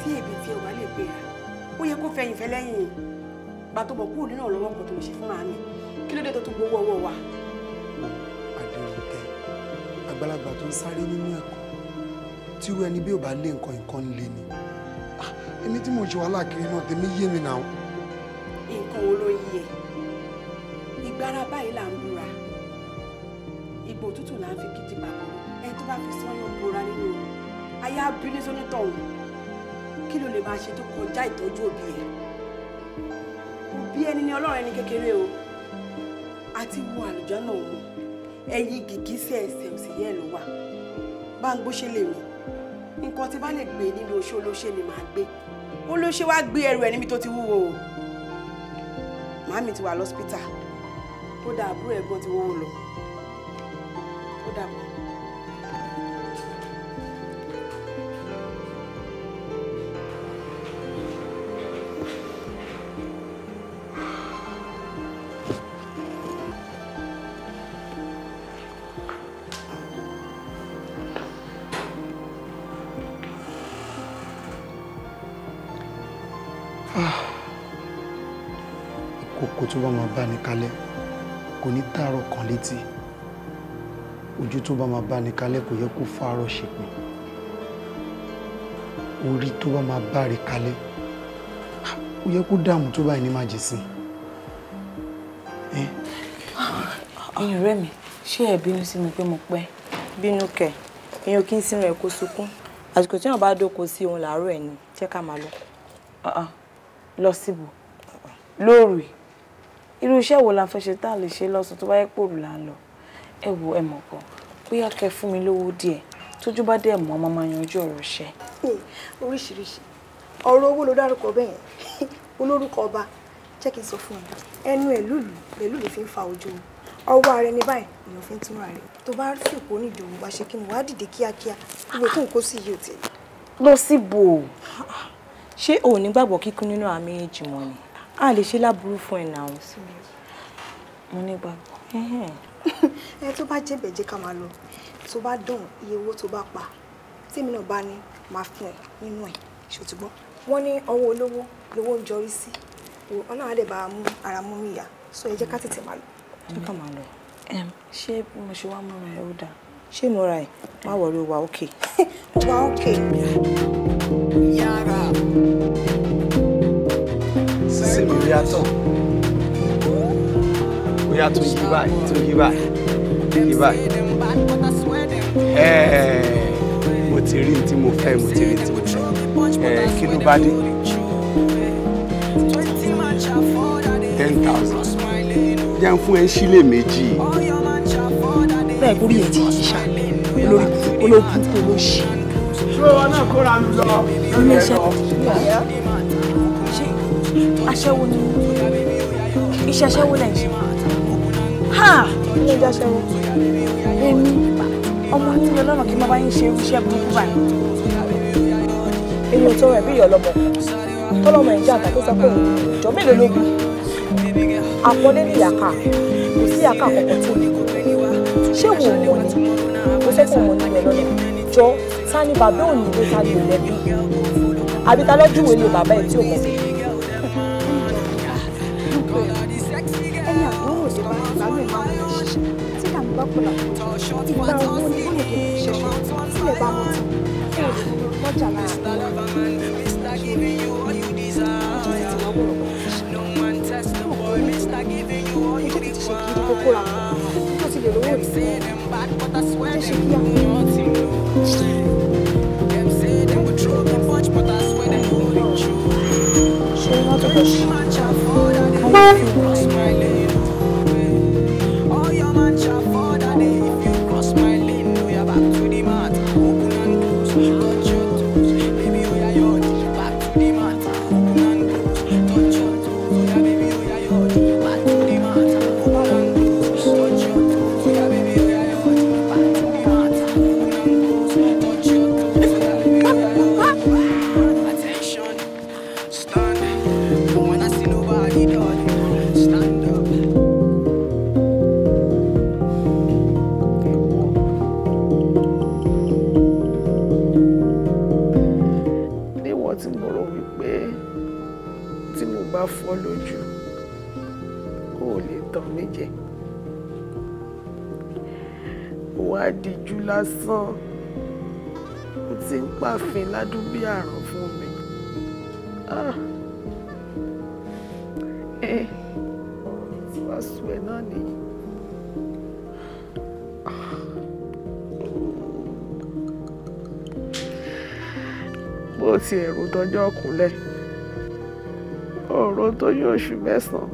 tí èbí tí ò bá lè gbéra ó yẹ kó fẹ̀yìn fẹ́ lẹ́yìn gbà tó bọ̀ kúrò nínú ọ̀rọ̀ ọkọ̀ tó lè ṣe fún màámi kí ló dé tó tún gbowó ọwọ́ wa. Adérónkẹ́ àgbàlagbà tó ń sáré nínú ẹ̀kọ́ tí irú ẹni bí ò bá lé nǹkan nǹkan lé ni èmi ah, tí mo ṣe wàhálà kiri náà tèmi yé mi náà. nǹkan wo ló yí ẹ ìgbára báyìí là ń búra ìgbò òtútù là ń fi gidi bàbá ẹ tó bá fi sọyún búra nínú ayé abínú sónítọ̀ kí ló lè máa ṣe tó kọjá ìtọ́jú òbí ẹ̀ òbí ẹni ni ọlọ́run ẹni kékeré o àti wo àlùjọ́nà òun ẹ̀yìn gìgí sí ẹsẹ̀ òsì yẹn ló wà bá ń gbóṣe lè rìn nǹkan tí bá lè gbé e nínú oṣó olóṣè ni màá gbé ó ló ṣe wá gbé ẹrù ẹ̀ níbi tó ti wúwo o màámi ti wà lọ́sípítà ó àbúrò ẹ̀gbọ́n ti wúwo lọ ó dàbọ̀. bá máa bá ní kalẹ̀ kò ní tààrọ̀ kan létí ojú tó bá máa bá ní kalẹ̀ kò yẹ kó fàárọ̀ ṣèpin orí tó bá máa bá rí kalẹ̀ ó yẹ kó dààmú tó báyìí ní máa jẹ sí i. ẹ̀yin ọ̀rẹ́ mi ṣé ẹ bínú sí mi pé mo pẹ́ bínú kẹ̀ ẹ̀yin ò kí ń sinmi ẹ̀ kó sunkún àsìkò tí wọn bá dóko sí òun làárọ̀ ẹ̀ ni jẹ́ ká máa lọ ah, ah. lọ síbò lóòrè irú iṣẹ́ wo la fẹ́ ṣe tá a lè ṣe lọ́sàn tó bá yẹ pòrò là ń lọ ẹ wo ẹ mọ̀ kan bóyá kẹ́ fún mi lówó díẹ̀ tójú bá dẹ̀ mọ́ ọmọ máa yanjú ọ̀rọ̀ iṣẹ́. Hmm, oríṣiríṣi ọ̀rọ̀ owó ló dárúkọ bẹ́ẹ̀ <laughs> olórúkọ ọba jẹ́ kí n sọ fún ọ ẹnu ẹ̀ lùlù pẹ̀lú ló fi ń fa ojú ọwọ́ ara ẹni báyìí èèyàn fi ń túnra rẹ̀ tó bá sì kó ní ìdòwò wá ṣe kí ni wàá dìde kíákíá gbogbo tó ń kó sí yìí ò tẹ̀lé. lọ sí bò ó ṣé òun nígbàgbọ́ kíkún nínú àmì ìjìmọ̀ ni a lè ṣe láburú fún ẹ náà mo nígbà <laughs> ẹ tó bá jẹ́ bẹ̀jẹ̀ ká máa lọ tó bá dùn iye owó tó bá pa tèmi náà bá ní máa fún ẹ nínú ẹ ṣòtúgbọ́n wọ́n ní ọwọ́ olówó lówó ń jọrí sí ọlọ́run á dẹ̀ bá mú ara mú mi yá so ẹ jẹ́ ká tètè máa lọ. jẹ́ ká máa lọ ṣé mo ṣe wá múra ẹ ó dáa ṣé ìmúra ẹ má wọrí ó ókè. <laughs> ó ókè. yàrá ẹsẹ̀ mi bóyá tán bóyá tó yí báyìí tó yí báyìí yí báyìí ẹ̀ẹ́ mo ti rí ní tí mo fẹ́ mo ti rí ní mo fẹ́ kí ló bá dé ten thousand jẹ́ ń fún ẹ sílé méjì. bẹ́ẹ̀ kórìí ẹ̀ tí yìí ṣá olórí olórí olóṣì. ṣé wọn náà kóra mi lọ. ilé iṣẹ́ tó ti yà aṣẹ́wó ni iṣẹ́ aṣẹ́wó lẹ̀ ń ṣe ha ilé ìjọ aṣẹ́wó èmi ọmọ tí mi ọlọ́nà kí n má bá yín ṣe irúṣẹ́ burúkú báyìí èmi ò tó rẹ̀ bí ìyọ̀ lọ́mọ tọ́lọ́mọ ẹ̀ jẹ́ àgbà tó sọ pé òun ìjọ mélòó ló bí àpọ́nlé ní ìyàká kò sí ìyàká kọ̀ọ̀kan tó ṣé wò ó mọ̀ ni mo fẹ́ kó mọ̀ nílẹ̀ lọ́nà jọ ta ni bàbá òní ló ta lè lẹ́bí àbí ta lọ́jú wo ni bàbá ẹ̀ tí ò mọ̀ lọ́pọ̀lọpọ̀ ìgbà owó ni ó you. lọ́jọ́ kúnlẹ̀ òòrò tó yóò oṣù mẹ́sàn-án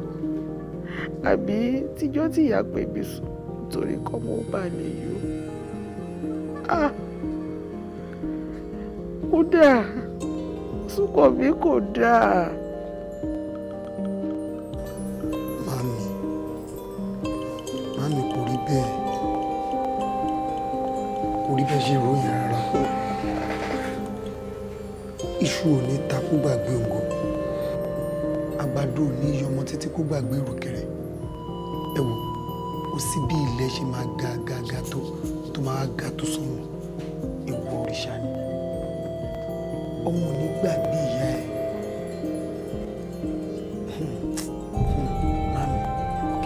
àbí tíjọ́ tí ìyá pè mí sùn torí kọ́ mo bá lè yó kódà súnkọ̀ mi kò dáa. iṣu ò ní ta kó gbàgbé ògo àgbàdo ò ní yọmọ títí kó gbàgbé rùkẹ̀rẹ̀ ẹ wò ó sì bí ilẹ̀ ṣe máa ga ga ga tó tó máa ga tó sọ̀rọ̀ ìwọ òrìṣà ni ọmọ ò ní gbàgbé ìyá ẹ̀. Hmm, hmm,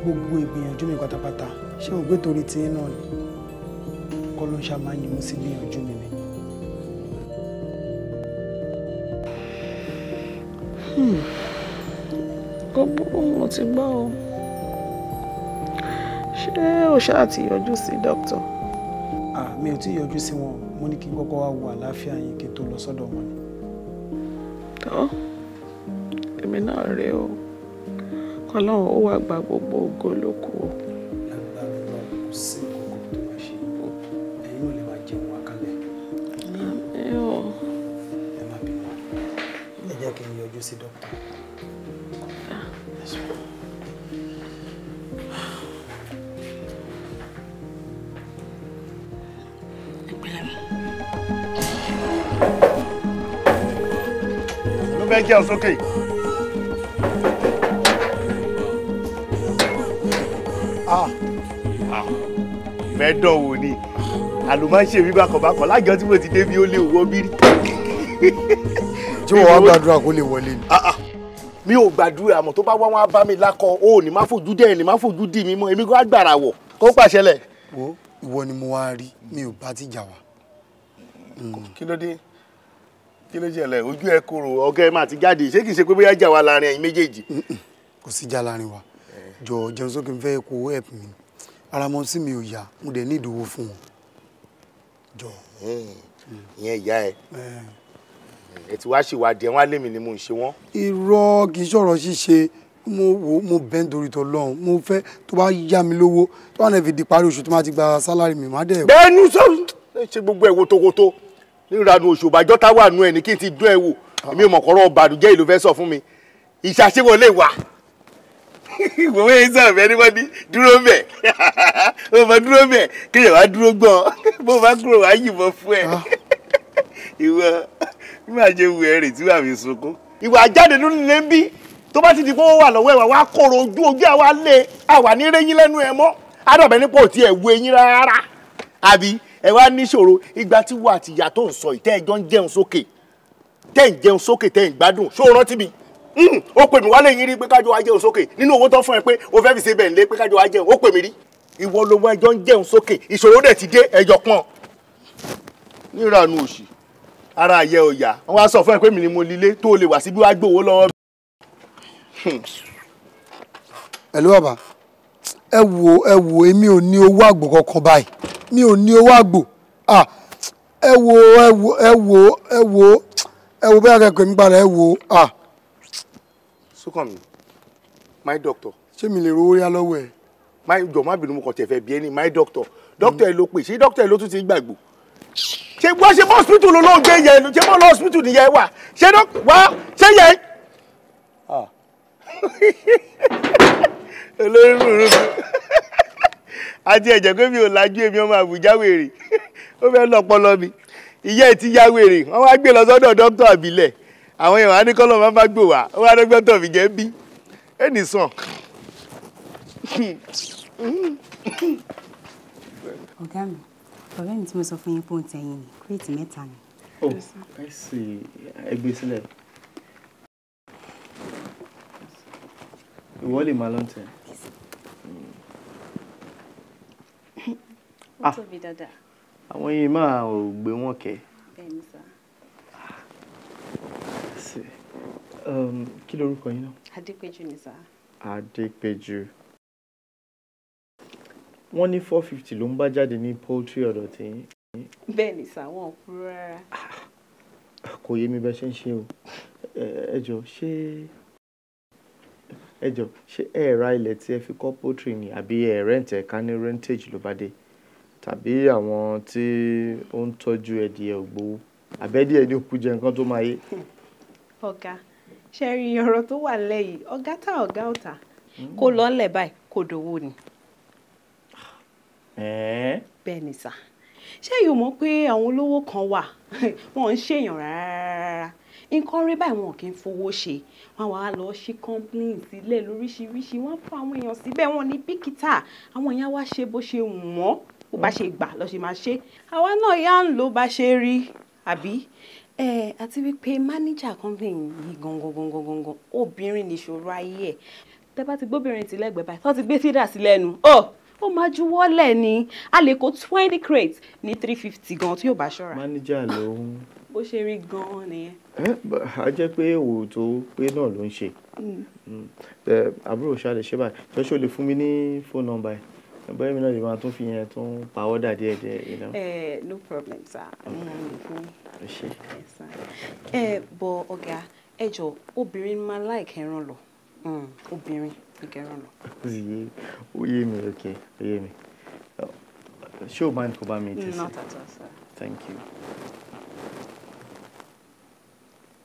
gbogbo ìgbìyànjú mi pátápátá ṣé mo gbé torí tí náà kọ́ ló ń ṣàmáyé mo sì gbìyànjú mi Hmm. gbogbo mo ti gbọ́ o ṣé o ṣáà ti yọjú sí dókítà. mi ò tí ì yọjú sí wọn mo ní kí n kọ́kọ́ wá wo àlàáfíà yín kí n tó lọ sọ́dọ̀ wọn ni. tọ́ èmi náà rèé o kọ́lọ́run ó wá gba gbogbo ògo lóko o. jẹun sókè. Ah. Ah. mẹ́dọ̀ wò ni àlùmáṣe mi bákọ̀bákọ̀ lájọ tí mo ti débi ó lé owó bírí. tí wọn wá gbàdúrà kó lè wọlé ni. Ah, mi ò gbàdúrà àmọ́ tó bá wá wọn á bá mi lákọ ó ní má fojú dẹ́ ní má fojú dì mí mọ́ èmi kò á gbàrà wọ̀ kó pàṣẹlẹ̀. wo ìwọ ni mo wá rí mi ò bá ti jà wá. kí ló dé kí ló ṣẹlẹ̀ ojú ẹ kúrò ọ̀gá ẹ máa ti jáde ṣé kìí ṣe pé bóyá jà wà láàrin ẹ̀yin méjèèjì. kò sí jà láàrin wa jọ jẹun sókè ń kó help mi ara mọ sí mi ò yá mo dẹ̀ ní ìdòwò fún wọn. jọ hmm. ìyẹn ìyá ẹ ẹ ti wá ṣèwádìí ẹ wọn á lé mi ni mo ń ṣe wọn. irọ́ kì í ṣọ̀rọ̀ ṣíṣe mo wo mo bẹ́ ń torí tọ́lọ́run mo fẹ́ tó bá yá mi lówó tó bá náà fi di parí oṣù tó máa ti gba sálárì mi má dẹ̀. bẹ́ẹ̀ ni sọ ṣe gbogbo ẹ̀ wotowoto níranu òṣùbà jọ́tà wà nù ẹ̀ ní kí n ti dún ẹ wò ah. èmi ò mọ̀kọ́rọ́ bàdújẹ́ ìlú fẹ́ sọ fún mi ìṣàṣewọlé wà ìwòwé ìsàn ọ̀fẹ́ níwọ́dí dúró bẹ̀ ó <laughs> máa dúró bẹ̀ kéèyàn wá dúró gbọ́n bó <laughs> bá kúrò wá yìnbọn fún ẹ ah. <laughs> ìwọ bí màá jẹ wù ẹ rè tí wàá fi sunkún. ìwà àjáde ló nílé ń bí tó bá ti di pé ó wà lọ́wọ́ ẹ̀ wà wá kóró ojú ojú àwa lé àwa ní réyìn lẹ́nu ẹ mọ́ adọ̀bẹ nípò tí ẹ̀ wú eyín rárá àbí ẹ wá níṣòro ìgbà tí wà àtìyà tó ń sọ ìtẹ́ ẹjọ́ ń jẹun sókè tẹ́ ń jẹun sókè tẹ́ ń gbádùn ṣó rántí mi hmm, ó pè mí wálé yín rí pé kájọ wá jẹun sókè nínú owó tán fún ẹ pé o fẹ́ fi ṣe bẹ́ẹ̀ lé pé kájọ wá jẹun ó pè mí rí ìwọ ló wọ ẹjọ́ ń jẹun sókè ìṣòro dẹ̀ ti dé ẹjọ́ pọ́n níranu òṣì ara àyẹ ọ̀yà wọn wá sọ fún ẹ pé mi ni mo lílé tó o lè wá síbí wá gbowó lọ́wọ́. ẹ̀lú hmm. bàbá ẹ wo ẹ wo èmi ò ní owó àgbò kankan báyìí mi ò ní owó àgbò ẹ wo ẹ wo ẹ wo ẹ wo ẹ wo bẹ́ẹ̀ kẹ́kọ̀ọ́ mi padà ẹ wo. Sukanmi my doctor. ṣé mi lè rówó yá lọ́wọ́ ẹ. my jọ má bínú mo kàn tẹ̀ bí ẹni my doctor doctor ẹ ló pè ṣé doctor ẹ ló tún ti gbàgbọ́ ṣe wọ́n ṣe hospital ló yẹn ṣe mọ́ lọ hospital nìyẹn wà ṣe ló wá ṣe yẹn. olórí <laughs> burúkú àti ẹ̀jẹ̀ pé mi ò lajú èmi ọmọ àbújá wèrè <laughs> ó fẹ́ lọ́pọlọ mi ìyá ẹ̀ ti ya wèrè wọ́n wá gbé lọ sọ́dọ̀ dókítà àbílẹ̀ àwọn èèyàn á ní kọ́lọ́ máa bá gbò wá ó wá dọ́gbọ́n tó fi jẹ́ bí ẹnì sàn. <coughs> ọ̀gá mi ọ̀rẹ́ mi tí mo sọ fún yín pé òun tẹ̀yìn ní kírètì mẹ́ta ni. ó oh, ẹ sì ẹgbẹ́ sílẹ̀ ìwọ máa lọ́ntẹ̀ẹ́. Ah. ó tóbi dáadáa. àwọn yìí máa ò gbé wọn kẹ. bẹ́ẹ̀ni sá. Um, kí lorúkọ yín náà. adépẹ̀jù ni sá. adépẹ̀jù wọ́n ní four fifty ló ń bá jáde ní poultry ọ̀dọ̀ tẹ̀yìn. bẹ́ẹ̀ni sá wọn ò kúrò rárá. Ah, kò yé mi bẹ́ẹ̀ ṣe ń ṣe o ẹ jọ ṣé ẹ jọ ṣé ẹ ra ilẹ̀ tí ẹ fi kọ́ poultry ni àbí ẹ rẹ́ǹtì ẹ̀ka ní rentage ló bá dé tàbí àwọn tí ó ń tọ́jú ẹdìyẹ ògbówó àbẹ́díẹ̀ ní òkú jẹ nǹkan tó máa yé. ọ̀gá ṣe rí ọ̀rọ̀ tó wà lẹ́yìn ọ̀gá tá ọ̀gá ọ̀tá hmm. kó lọ́ọ́lẹ̀ báyìí kó dòwó ni. bẹ́ẹ̀ ni sà ṣé yóò mọ̀ pé àwọn olówó kan wà <laughs> wọ́n ń ṣèyàn rárá nǹkan rí báyìí wọn kì í fowó ṣe wọn wà á lọ ṣí kọ́ńpìlín sílẹ̀ lóríṣiríṣi wọ́n fún àwọn èèyàn síbẹ̀ wọn ní bíkítà àwọn èèyàn wá ṣe bó ṣe wù wọ́n bó bá ṣe gbà lọ ṣe máa ṣe àwa náà yá ń lò bá ṣe rí àbí àti wípé mánéjà company yìí gangan gangan gangan obìnrin nìṣòro ayé ẹ̀ tẹ́ bá ti gbóbìnrin ti lẹ́gbẹ̀ẹ́ báyìí tó ti gbé fídà sí lẹ́nu ọ́ ó máa juwọ́lẹ̀ ni a lè kó twenty crates ní three fifty gan tí yóò bá ṣọ́ra. mánéjà ló ń. bó ṣe rí gan-an nìyẹn. a jẹ́ pé òótọ́ pé náà ló ń ṣe mm. Mm. àbúrò ṣáà lè ṣe báyìí jọ́ṣọ́ lè fún mi ní fóònù nọ́mbà yìí bẹ́ẹ̀ mi náà lè máa tún fi yẹn tún pa ọ́dà díẹ̀ díẹ̀ you know. ẹ eh, no problem sir mo mọ nìkú. ẹ eh, bọ ọ̀gá ẹ jọ obìnrin máa like ẹran lọ hmm, obìnrin like ẹran lọ. ó yé mi ok ó yé mi ṣé o máa ń kó bá mi tẹ̀sí. not at all sir. thank you.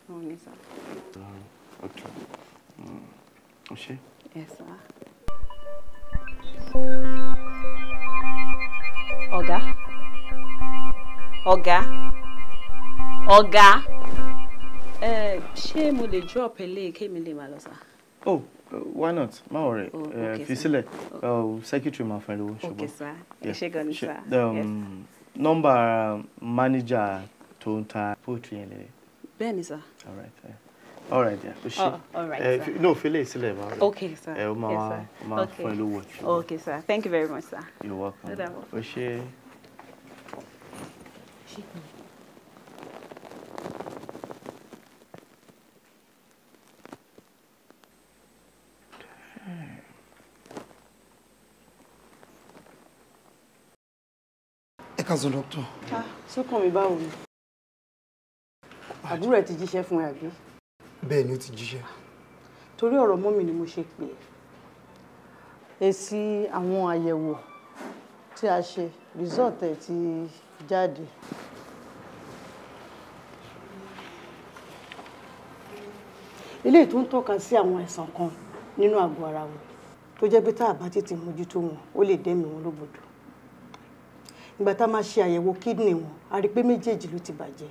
No, Lisa. Um, okay. Hmm, yes, sir. Oga, ọ̀gá ọ̀gá ọ̀gá ṣé mo lè drop ẹ lé kémi lè máa lọ sá. oh why not má wọrẹ oh, fi sílẹ̀ oh. Oh, secretary máa fẹ́ lówó ṣùgbọ́n ok sá ẹ ṣe gan ni sá. Um, nọ́mbà mánéjà tó ń ta poetry yẹn lè. bẹ́ẹ̀ ni sá. all right. Yeah all right yeah Oh, all right eh, sir uh, no it. isile ma okay sir eh, ẹ o ma wa okay sir thank you very much sir. you're welcome o ṣe. ẹ káàsán dọ́kítọ̀. Ah, sọ́kàn mi báwo ni àbúrò ẹ ti jíṣẹ́ fún ẹ àbí bẹ́ẹ̀ ni ó ti jíṣẹ́. torí ọ̀rọ̀ mọ́ mi ni mo ṣe pè é èsì àwọn àyẹ̀wò tí a ṣe result ẹ̀ ti jáde. ilé tó ń tọ́ka sí àwọn àìsàn kan nínú àgọ́ ara wọn tó jẹ́ pé tá a bá tètè mójútó wọn ó lè dẹ́mi wọn lóbodò ìgbà tá a máa ṣe àyẹ̀wò kídìnì wọn a rí i pé méjèèjì ló ti bàjẹ́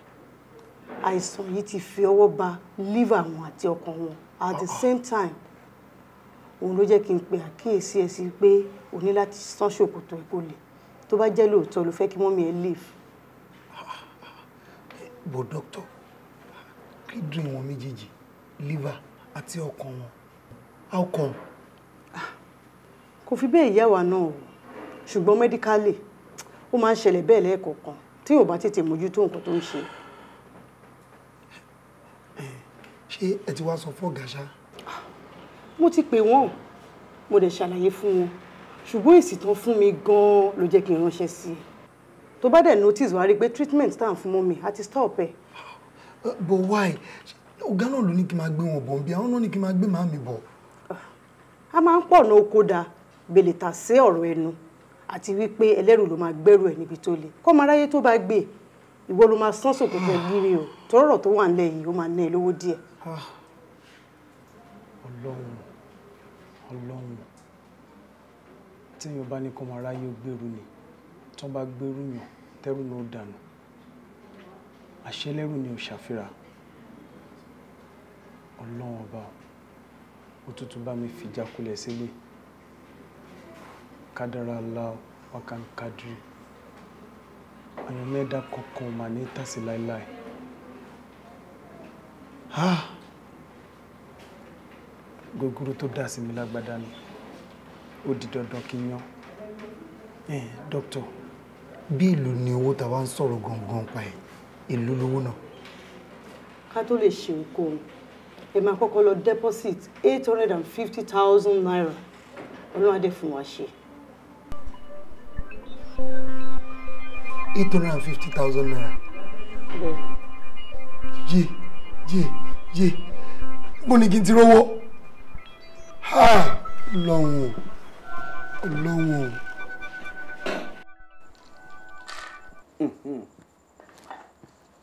àìsàn yìí ti fi ọwọ́ ba liver wọn àti ọkàn wọn at the same time òun ló jẹ́ kí n pe àkíyèsí ẹ sí pé o ní láti sán ṣòkòtò ẹ̀ kó lè tó bá jẹ́ lóòótọ́ ló fẹ́ kí mọ́mí ẹ leave. bó dókítà kíndìn wọn méjèèjì liver àti ọkàn wọn how come. Ah, kò fi bẹ́ẹ̀ yá wa náà o ṣùgbọ́n mẹ́díkálì ó máa ń ṣẹlẹ̀ bẹ́ẹ̀ lẹ́ẹ̀kọ̀ọ̀kan tí yóò bá tètè mójútó nǹkan tó ń ṣe. ṣé ẹ ti wá sọ fún ọ̀gá ṣá. mo ti pè wọ́n mo dẹ̀ ṣàlàyé fún wọn ṣùgbọ́n èsì tán fún mi gan-an ló jẹ́ kí n ránṣẹ́ sí i tó bá dẹ̀ notice wàá rí i pé treatment tá à ń fún mọ́ mi àti stop ẹ̀. but why ọ̀gá náà ló ní kí n máa gbé wọn bọ̀ bí àwọn náà ní kí n máa gbé màmí bọ̀. a máa ń pọ̀ ná oko da bèlè tà sí ọ̀rọ̀ ẹnu àti wípé ẹlẹ́rù ló máa gbẹ́rù ẹ̀ níbi tó le kọ́ máa ráyé tó bá gbé e ìwọ ló máa sán sòkò tẹ gírí o tọrọ tó wà nílẹ̀ yìí ó máa ná ẹ lówó díẹ̀. Ah. ọlọ́run ọlọ́run téèyàn bá ní kọ́ máa ráyè gbèrú ni tó bá gbèrú yàn tẹ́rù ló dànù àṣẹlẹ́rù ni ò ṣàfihàn ọlọ́run ọba òtútù bá mi fìjà kulẹ̀ sílé kádàrá Allah wákàǹkadìrì àyànmí ẹ̀dá kankan mà ní tàsí láéláé gògùrú tó dà sí mi lágbádá ni ó di dandan kí n yan dókítà bí ìlú ni owó tàwa ń sọ̀rọ̀ gangan pa ẹ̀ ìlú lówó náà. ká tó lè ṣe ohunkóhun ẹ máa kọ́kọ́ lọ deposit eight hundred and fifty thousand naira ọlọ́run adé fún wa ṣe. eight hundred and fifty thousand naira. yé yé yé bó ti rówó ha lọ́hùn lọ́hùn.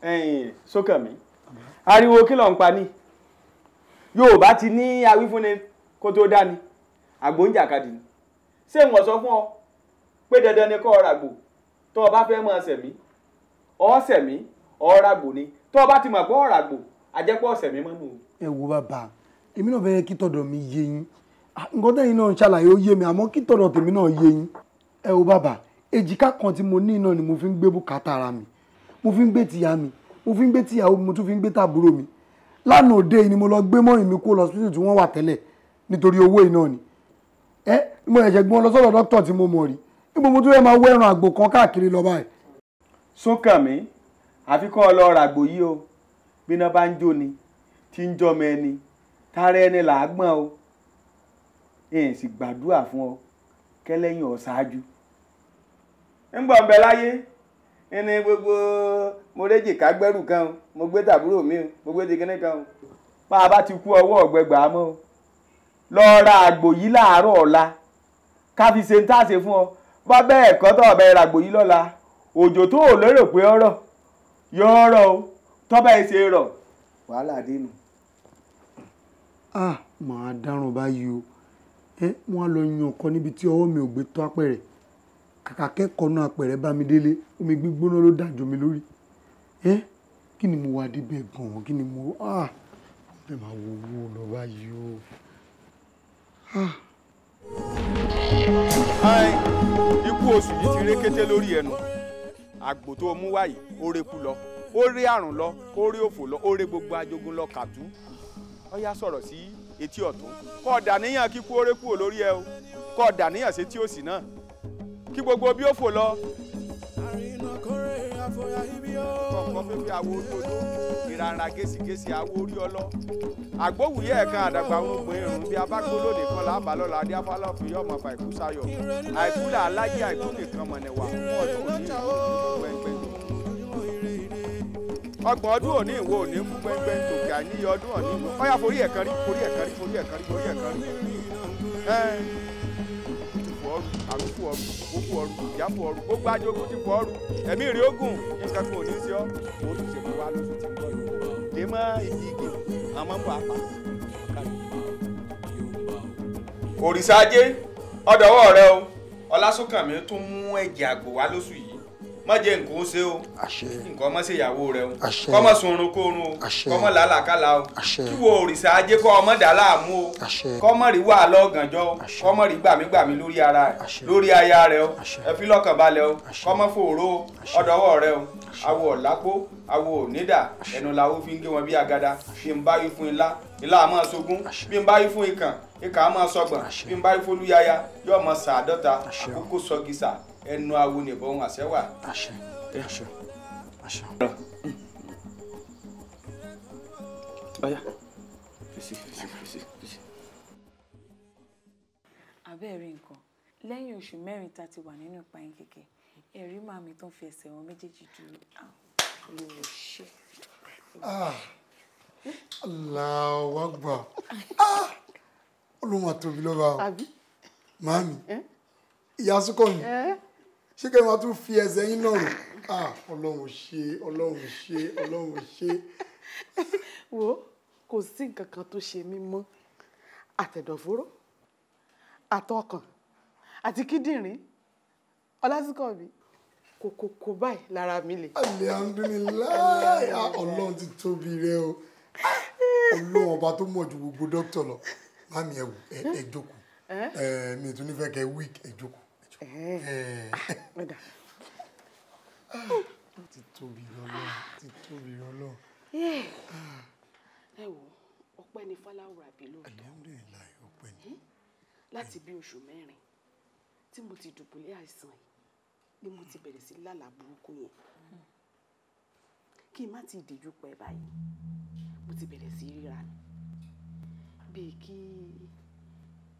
ẹ̀yin Sókànmí ariwo kí ló ń pa ni Yorùbá ti ní awífúnni kó tó dání àgbóǹjàkadì ni ṣé n wọ́n sọ fún ọ pé dandan ni kó o ràgbò tó o bá fẹ́ máa sẹ̀mí ọ́ sẹ̀mí ọ́ ràgbò ni tó o bá ti mọ̀ pé ọ́ ràgbò àjẹpọ̀ sẹ̀mí mọ́nu. ẹ wo bàbá èmi náà fẹ́ kí tọ̀dọ̀ mi yé yín nǹkan tẹ́yìn náà ń ṣàlàyé ó yé mi àmọ́ kí tọ̀dọ̀ tèmi náà yé yín ẹ wo bàbá èjìká kan tí mo ní náà ni mo fi ń gbé bùkátà ara mi mo fi ń gbé tìyá mi mo fi ń gbé tìyàwó mi mo tún fi ń gbé tàbúrò mi lánàá òde yìí ni mo lọ gbé mọ́yìn mi kó lọ hospital tí wọ́n wà tẹ́lẹ̀ nítorí owó yìí ni ẹ mo ẹ̀jẹ̀ gbọ́n lọ sọ́dọ̀ dókítà tí mo mọ̀ rí níbo mo tún fẹ́ máa wọ ẹran àgbò kan káàkiri lọ báyìí. Sókànmí àfi kọ́ ọ lọ ràgbò yìí o bí iná bá ń jó ni tí ń jọmọ ẹni tára ẹni làágbọ́n o èèyàn sì gbàdúrà fún ọ kẹlẹ́yìn ọ̀ ṣáájú. ń gbọ̀n bẹ láyé ẹni gbogbo mo réjì ká gbẹ́rù kan o mo gbé tàbúrò mi o mo gbé dikínní kan o bá a bá ti kú ọwọ́ ọ̀gbẹ́gbà mọ́ o lọ ra àgbò yìí láàárọ̀ ọ̀la ká fi ṣe ń tàṣe fún ọ bá bẹ́ẹ̀ kọ́ tó ọ̀bẹ ràgbò yìí lọ́la òjò tó ò lérò pé ọ̀rọ̀ yọ ọ̀rọ̀ o tọ́bẹ̀ ṣe rọ̀ wàhálà dénú. A máa dáràn báyìí o ẹ wọn lọ yan ọkọ níbi tí ọwọ mi ò gbé tọ apẹrẹ kàkà kẹ́kọ̀ọ́ náà apẹ̀rẹ̀ bá mi délé omi gbígbóná ló dàjọ mi lórí ẹ kí ni mo wá débẹ̀ gan-an kí ni mo ah mo máa wo owó lọ báyìí o ah. ayi ikú oṣù yìí ti rékété lórí ẹnu àgbò tó mú wáyé ó rékú lọ ó rí àrùn lọ ó rí òfò lọ ó rí gbogbo ajogun lọ kàtú ó yá sọ̀rọ̀ sí etí ọ̀tún kọ́ ọ̀dà níyàn kíkú ó rékú lórí ẹ o kọ́ ọ̀dà níyàn sétí òsì náà kí gbogbo bí ó fò lọ kọ̀ọ̀kan fífi àdàgbà ògùn èrùn bí abágbó fi yọmọ fà sáyọ alájẹ àìkú nìkan mọ̀nẹ̀wà ọdún òní ọgbọ̀n ọdún òní òní tòkè ọdún òní ọyà forí ẹ̀kan rí forí ẹ̀kan rí forí ẹ̀kan rí forí ẹ̀kan rí. ọrù àrùkù ọrù òkú ọrù ìyàpọ̀ ọrù gbogbo ajogun ti pọ̀ ọrù ẹ̀mí ìrì ogun nǹkan kan ò ní sí ọ mo tún ṣe fún wa lóṣù tí ń bọ̀ yìí dè mọ́ ìdí igi àmọ́ bọ̀ apá. òrìṣà ajé ọ̀dọ̀wọ́ rẹ o ọlásùnkànmí tún mú ẹ̀jẹ̀ àgbò wá lóṣù yìí má jẹ nǹkan ó ṣe o nǹkan ọmọ ṣe ìyàwó rẹ o kọ́mọ sunrun kórun o kọ́mọ làálàkàlà o kí wo òrìṣà ajé kọ́ ọmọ dà láàmú o kọ́mọ rí wà lọ́gànjọ́ o kọ́mọ rí gbàmígbàmí lórí ara rẹ lórí aya rẹ o ẹ fi lọ́kàn balẹ̀ o kọ́mọ fòró o ọ̀dọ́wọ́ rẹ o awo ọ̀lápó awo onídà ẹnu làwo fi ń gé wọn bí agada fi ń báyìí fún ilá ilá àmọ́ sógún bí ń báyìí fún ikàn ikàn àmọ́ sọgbọ̀n bí ń báyìí fún olúyaya yóò mọ sàádọ́ta àkókò sọgìsà ẹnu awo nìbọn ohun àṣẹ wà. àṣẹ àṣẹ àṣẹ. báyà fèsì fèsì fèsì fèsì. àbẹ́ẹ̀rí nǹkan lẹ́yìn oṣù mẹ́rin tá a ti wà nínú ìpayín kékeré ẹ̀rí màmí tó ń fi ẹsẹ̀ wọn méjèèjì dúró ah, olùwò ṣe. Ah, Allahu Akbar ah, olùmọ̀ tóbi ló bá o màmí eh? ìyá sukọ̀ mi. Eh? ṣé kẹ́ máa tún fi ẹsẹ̀ yín náà rò ọlọ́run ṣe ọlọ́run ṣe ọlọ́run ṣe. wo kò sí nǹkan kan tó ṣe mí mọ́ àtẹ̀dọ̀fóró àtọkàn àti kíndìnrín ọlásìkọ̀bí kòkòkò báyìí lára mi lè. alihamdulilayi ọlọ́run ti tóbi rẹ o ọlọ́run ọba tó mọ̀ ju gbogbo dókítà lọ mami ẹ jókòó ẹ mi tún nífẹ̀ẹ́ kẹ wíìk ẹ jókòó. Eh. Eh. ti tóbi lọ́lọ́ ti tóbi lọ́lọ́. Eh. Ah. ẹ wo ọpẹ́ ni fọláwù rabi lóòótọ́ alihamudulilayi ọpẹ́ ni. láti bí oṣù mẹ́rin tí mo ti dùbúlẹ̀ àìsàn yìí ni mo ti bẹ̀rẹ̀ sí lálàá burúkú yẹn kí n má ti dìjú pẹ́ báyìí mo ti bẹ̀rẹ̀ sí ríra bíi kí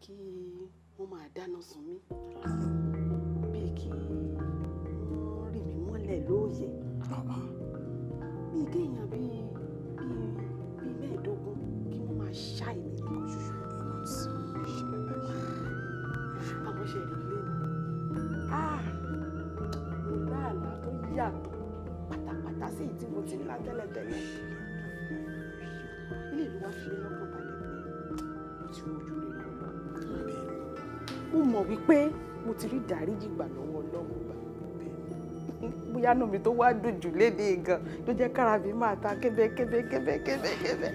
kí wọ́n máa dáná sun mí bíi kí wọ́n rì mí mọ́lẹ̀ lóòyè bíi kéèyàn bíi bíi bíi mẹ́ẹ̀ẹ́dógún kí wọ́n máa ṣá èmi nìkan ṣoṣo. àmọ́ ṣe rí ilé mi ah! mo láàlá tó yàtọ̀ pátápátá sí ìdí mo ti ńlá tẹ́lẹ̀tẹ́lẹ̀ ilé ìlú wa fi lọ́kàn balẹ̀ pé mo ti rojú rẹ̀ lọ mo mọ̀ wípé mo ti rí ìdáríjì gbà lọ́wọ́ ọlọ́run gbà bóyá nù mí tó wá dùjú léde gan ló jẹ́ kára mi máa ta kébé kébé kébé kébé kébé.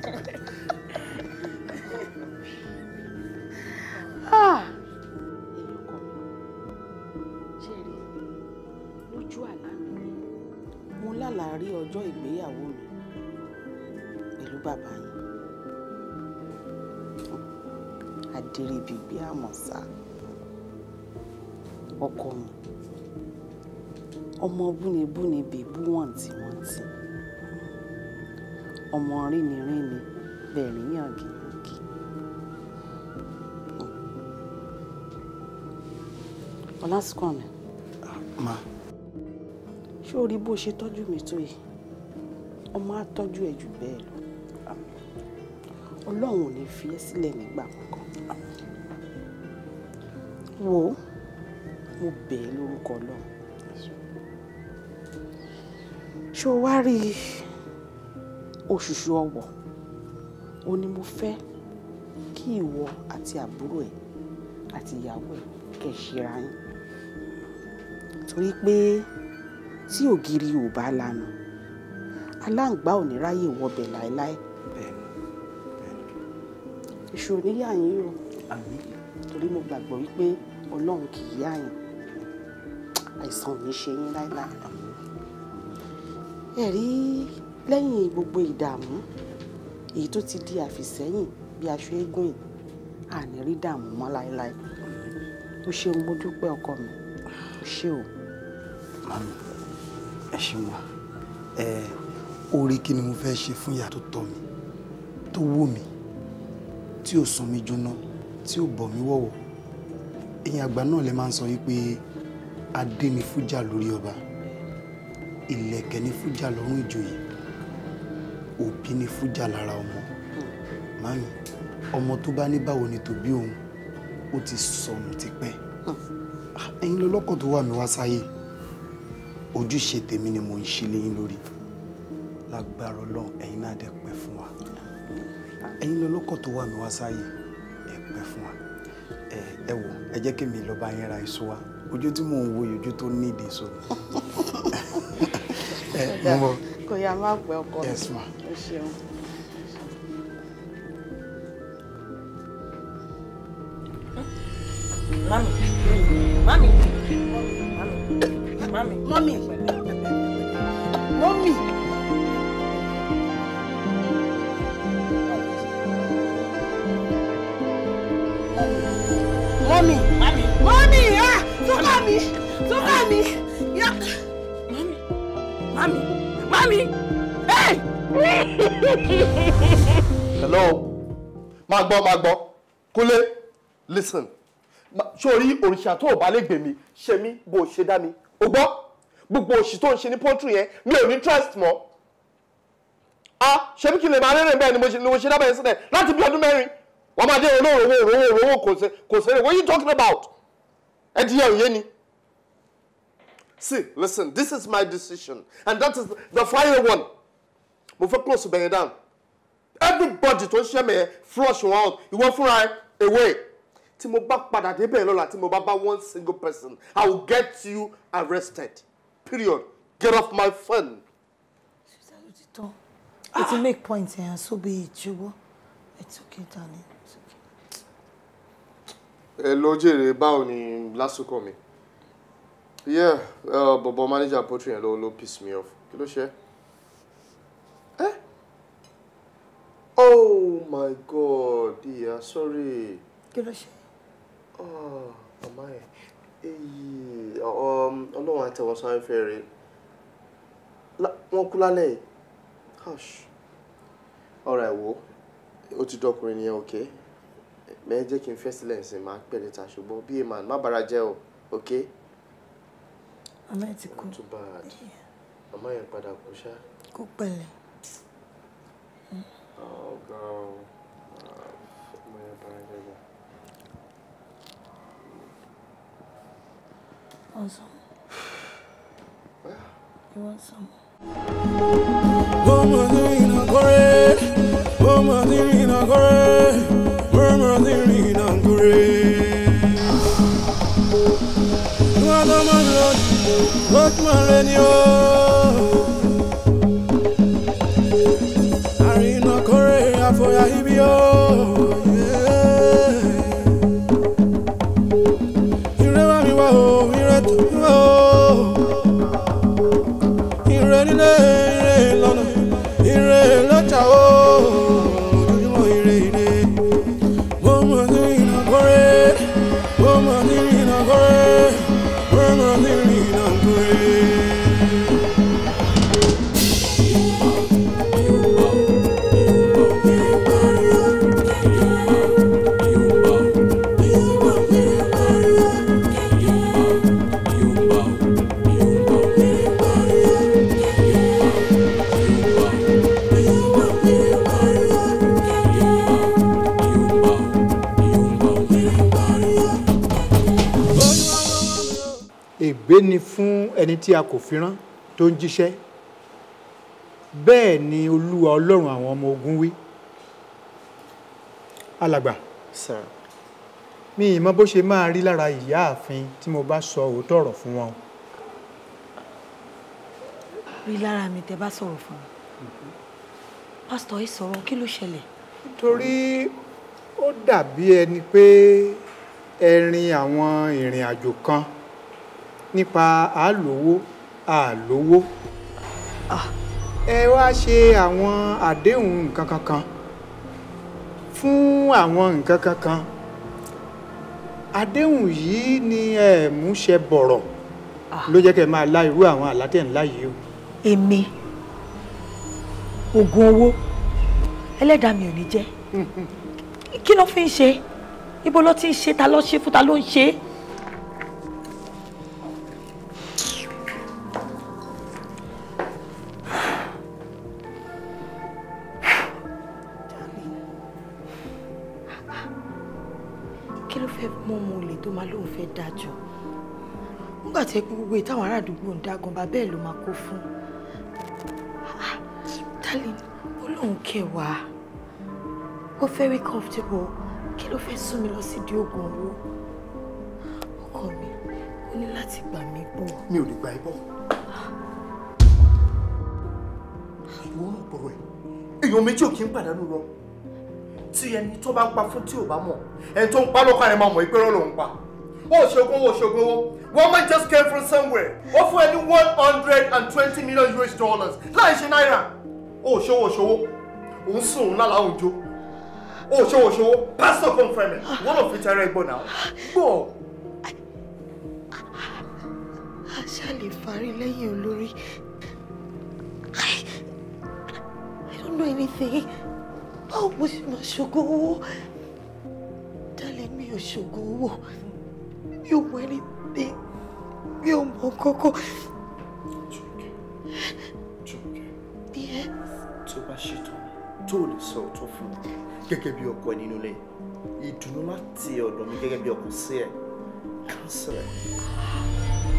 Ah! ọjọ́ ìgbéyàwó mi pẹ̀lú bàbá yín adèrèbìgbé àmọ̀sá ọkọ mi ọmọ búnibúni bèbú wọ̀ntí wọ̀ntí ọmọ rìnrìnrìnni bẹ̀rẹ̀ yàngìyàngì ọlásùnkànmí. Ah, ma. ṣé o rí bó ṣe tọ́jú mi tó yìí ọmọ á tọ́jú ẹ̀ jù bẹ́ẹ̀ lọ ọlọ́run ò ní fi ẹ́ sílẹ̀ nígbà kankan wò ó mo bẹ̀ ẹ́ lórúkọ náà ṣé o wá rí òṣùṣù ọwọ̀ o ni mo fẹ́ kí ìwọ àti àbúrò ẹ̀ àti ìyàwó ẹ̀ kẹ́ ẹ ṣera yín torí pé tí ògiri ò bá lanu aláǹgbá ò ní ráyè wọbẹ̀ láéláé ìṣòro níyà yín o torí mo gbàgbọ́ wípé ọlọ́run kì í yá yín àìsàn ò ní ṣe yín láéláé ẹ rí lẹ́yìn gbogbo ìdààmú èyí tó ti di àfìsẹ́yìn bí aṣọ eégún yìí àní rí dààmú mọ́ láéláé o ṣeun mo dúpẹ́ ọkọ mi o ṣe o. mami ẹ ṣe wọn ẹ orí kí ni mo fẹ́ ṣe fún ìyá tó tọ́ mi tó wù mí tí ò sún mi jóná tí ò bọ̀ mí wọ̀wọ̀ ẹ̀yin àgbà náà lè máa ń sọ yìí pé adé ni fújà lórí ọba ìlẹ̀kẹ̀ ni fújà lọ́rùn ìjòyè òbí ni fújà lára ọmọ mami ọmọ tó bá ní báwo ni tòbí òun ó ti sọnù tipẹ́ ẹ̀yin lọ́lọ́kọ̀ tó wà mí wá sáyé ojúṣe tèmi ni mò ń ṣe léyìn lórí lágbára ọlọ́run ẹ̀yin náà dẹ̀ pẹ́ fún wa ẹ̀yin lọ́lọ́kọ̀ tó wà mí wá sáyé ẹ pẹ́ fún wa ẹ wò ẹ jẹ́ kí mi lọ bá yín ra èso wa ojú tí mò ń wo ojú tó ní ìdè èso ni. <laughs> ẹ mú bọ kò yá má pẹ́ ọkọ mi o ṣeun. mami mami mami mami. Mami. Mami. Mami, ah! So Mami. So Mami. Yeah. Mami. Mami. Mami. Hey! Hello. Má gbọ́, má gbọ́. Kúnlé, listen. Sori òrìṣà to o bá lè gbè mí, ṣe mí bó o mi. O gbọ́? Gbogbo òṣì tó ń ṣe ní pọ́ńtù yẹn mi ò ní trust mọ́. Ah, ṣebí kí n lè máa rẹ́rìn bẹ́ẹ̀ ni mo ṣe dábàá yẹn sílẹ̀ láti bí ọdún mẹ́rin wọ́n máa dé olóró owó owó owó kò sẹ́yìn what are you talking about ẹ di ẹ̀ òye ni. see listen this is my decision and that is the final one mo fẹ́ close bẹ̀yẹn down everybody tó ń ṣẹ́ mi yẹn flush wọn out ìwọ fúnra ẹ away tí mo bá padà débẹ̀ lọ́la tí mo bá bá one single person i will get you arrested period get off my phone. ṣùgbọ́n ó ti tán ó ti make point ẹ̀ so be it ṣùgbọ́n it's okay darling ẹ báwo ni lásìkò mi yeah uh, bọ̀bọ̀ manager poultry yẹn ló ló piss me off kí ló ṣe ẹ eh? oh my god yeah sorry kí ló ṣe ah, màmá ẹ èyí um, ọlọ́run àtẹ̀wọ̀n sáré fẹ́ rẹ wọ́n kú lálẹ́ yìí gosh ọ̀rọ̀ ẹ̀wò ó ti dọkùnrin nìyẹn okay bẹ́ẹ̀ jẹ́ kí n fẹ́ sílẹ̀ ǹsìn máa pẹ́ lẹ́ta ṣùgbọ́n bí emma má bàrà jẹ́ o ok. màmá ti kú màmá yẹn padà kú ṣá. kú pẹ̀lẹ́. ọ̀gá oh, ọmọ You want some? murmur the lean and No other man, ògbé ni fún ẹni tí a kò fi rán tó ń jíṣẹ́ bẹ́ẹ̀ ni olúwa ọlọ́run àwọn ọmọ ogun wí alàgbà sir mi ìmọ̀ bó ṣe máa rí lára ìyáàfin tí mo bá sọ òótọ́ ọ̀rọ̀ fún wọn. rí lára mi tẹ́ bá sọ̀rọ̀ fún mi pásítọ̀ yìí sọ̀rọ̀ kí ló ṣẹlẹ̀. torí ó dàbí ẹni pé ẹ rin àwọn ìrìn àjò kan. Mm -hmm nípa àlówó àlówó ah. ẹ wá ṣe àwọn àdéhùn nǹkan kankan fún àwọn nǹkan kankan àdéhùn yìí ni ẹ mú ṣe bọ̀rọ̀ ah. ló jẹ́ kẹ́ ẹ máa lá irú àwọn àlátẹ̀ ńlá yìí o. èmi oògùn owó ẹlẹ́dàá mi ò ní jẹ́ <laughs> kí ló fi ń ṣe ibo ló ti ń ṣe ta ló ṣe fún ta ló ń ṣe é. nígbà tí ẹkún gbogbo ìtàwọn ará àdúgbò ń dágun bá bẹ́ẹ̀ ló máa kó fún darling ó lóun kẹwàá ó very comfortable kí ló fẹ́ sún mi lọ sí di oògùn owó ọkọ mi ó ní láti gbà mí bọ̀. mi ò lè gbà ẹ bọ̀ ìwọ náà gbọ́rọ̀ èèyàn méjì ò kí ń pàdánù lọ tí ẹni tó bá ń pa fún tí ò bá mọ̀ ẹni tó ń pa lọ́kàn rẹ̀ máa mọ̀ ìpẹ́rọ̀ lòún pa ó ṣogun owó ṣogun owó one man just came from somewhere offering fún ẹ million US dollars láì ṣe náírà ó ṣòwò ṣòwò òun sùn òun lálàá òun jó ó ṣòwò ṣòwò pastor confirm it wọ́n lọ fi tẹ́rẹ́ gbọ́ náà gbọ́. àṣà lè farí lẹ́yìn olórí I don't know anything Oh, mo ṣe máa ṣògo owó dálé mi ò ṣògo owó mi ò mọ anything mi ò mọ kókó. tó bá ṣetán tó lè sọ òótọ́ fún mi gẹ́gẹ́ bí ọkọ ẹ nínú ilé ìdùnnú láti ọ̀dọ̀ mi gẹ́gẹ́ bí ọkọ sí ẹ cancel it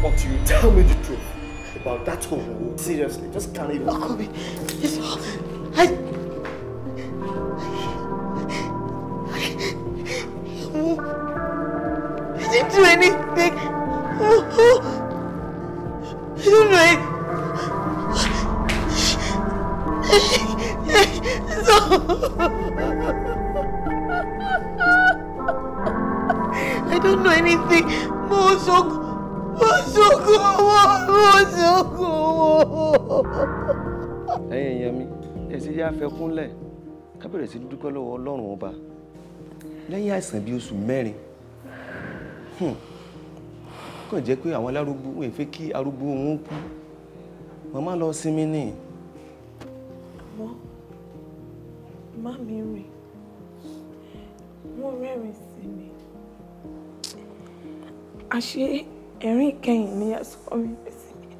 until you tell me the truth about that home seriously just can't even. ọkọ mi it's all I. Whoa didn't do anything. Oh, I don't know. I don't know anything. Mo so mo so go mo so go. Ẹ̀yin èèyàn mi, èsì yá fẹ́ kúnlẹ̀, ká bẹ̀rẹ̀ sí dúpẹ́ lọ́wọ́ Ọlọ́run ọba. Lẹ́yìn àìsàn bíi oṣù mẹ́rin, Hmm. kàn jẹ́ pé àwọn alárúgbó wọn fẹ́ kí arúgbó wọn kú màmá lọ sinmi ni. àmọ́ má mi rìn wọ́n rẹ́rìn sí mi àṣé ẹ̀rín ìkẹyìn ni a sọ mi sí mi.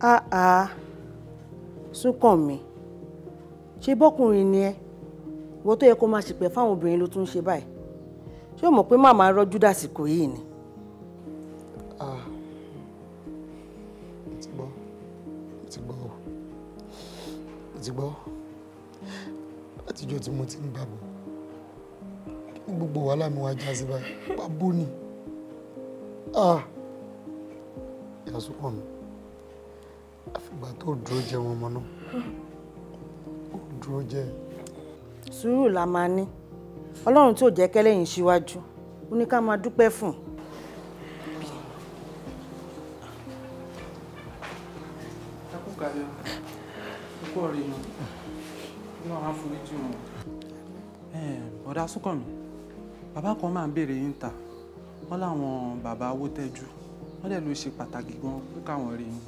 a a Súnkànmí ṣe bọ́kùnrin ni ẹ́ ìwọ tó yẹ kó máa ṣìpẹ̀ fáwọn obìnrin ló tún ń ṣe báyìí ṣé o mọ̀ pé màmá rọ́jú dàsìkò yìí ni. Ah, ti gbọ́ o ti gbọ́ látijọ́ tí mo ti ń bàbọ̀ ní gbogbo wàhálà mi wá já sí báyìí bàbó ni ah, ìyàsókàn mi àfìgbà tó dúró jẹ wọn ọmọ náà ó dúró jẹ sùúrù la máa ní ọlọ́run tí ò jẹ́ kẹ́lẹ́yìn síwájú ó ní ká máa dúpẹ́ fún. ọ̀dà súnkànmí bàbá kan máa ń béèrè yín ta wọ́n láwọn bàbá owó tẹ́jú wọ́n dẹ̀ ló ṣe pàtàkì gan kó káwọn rí yín.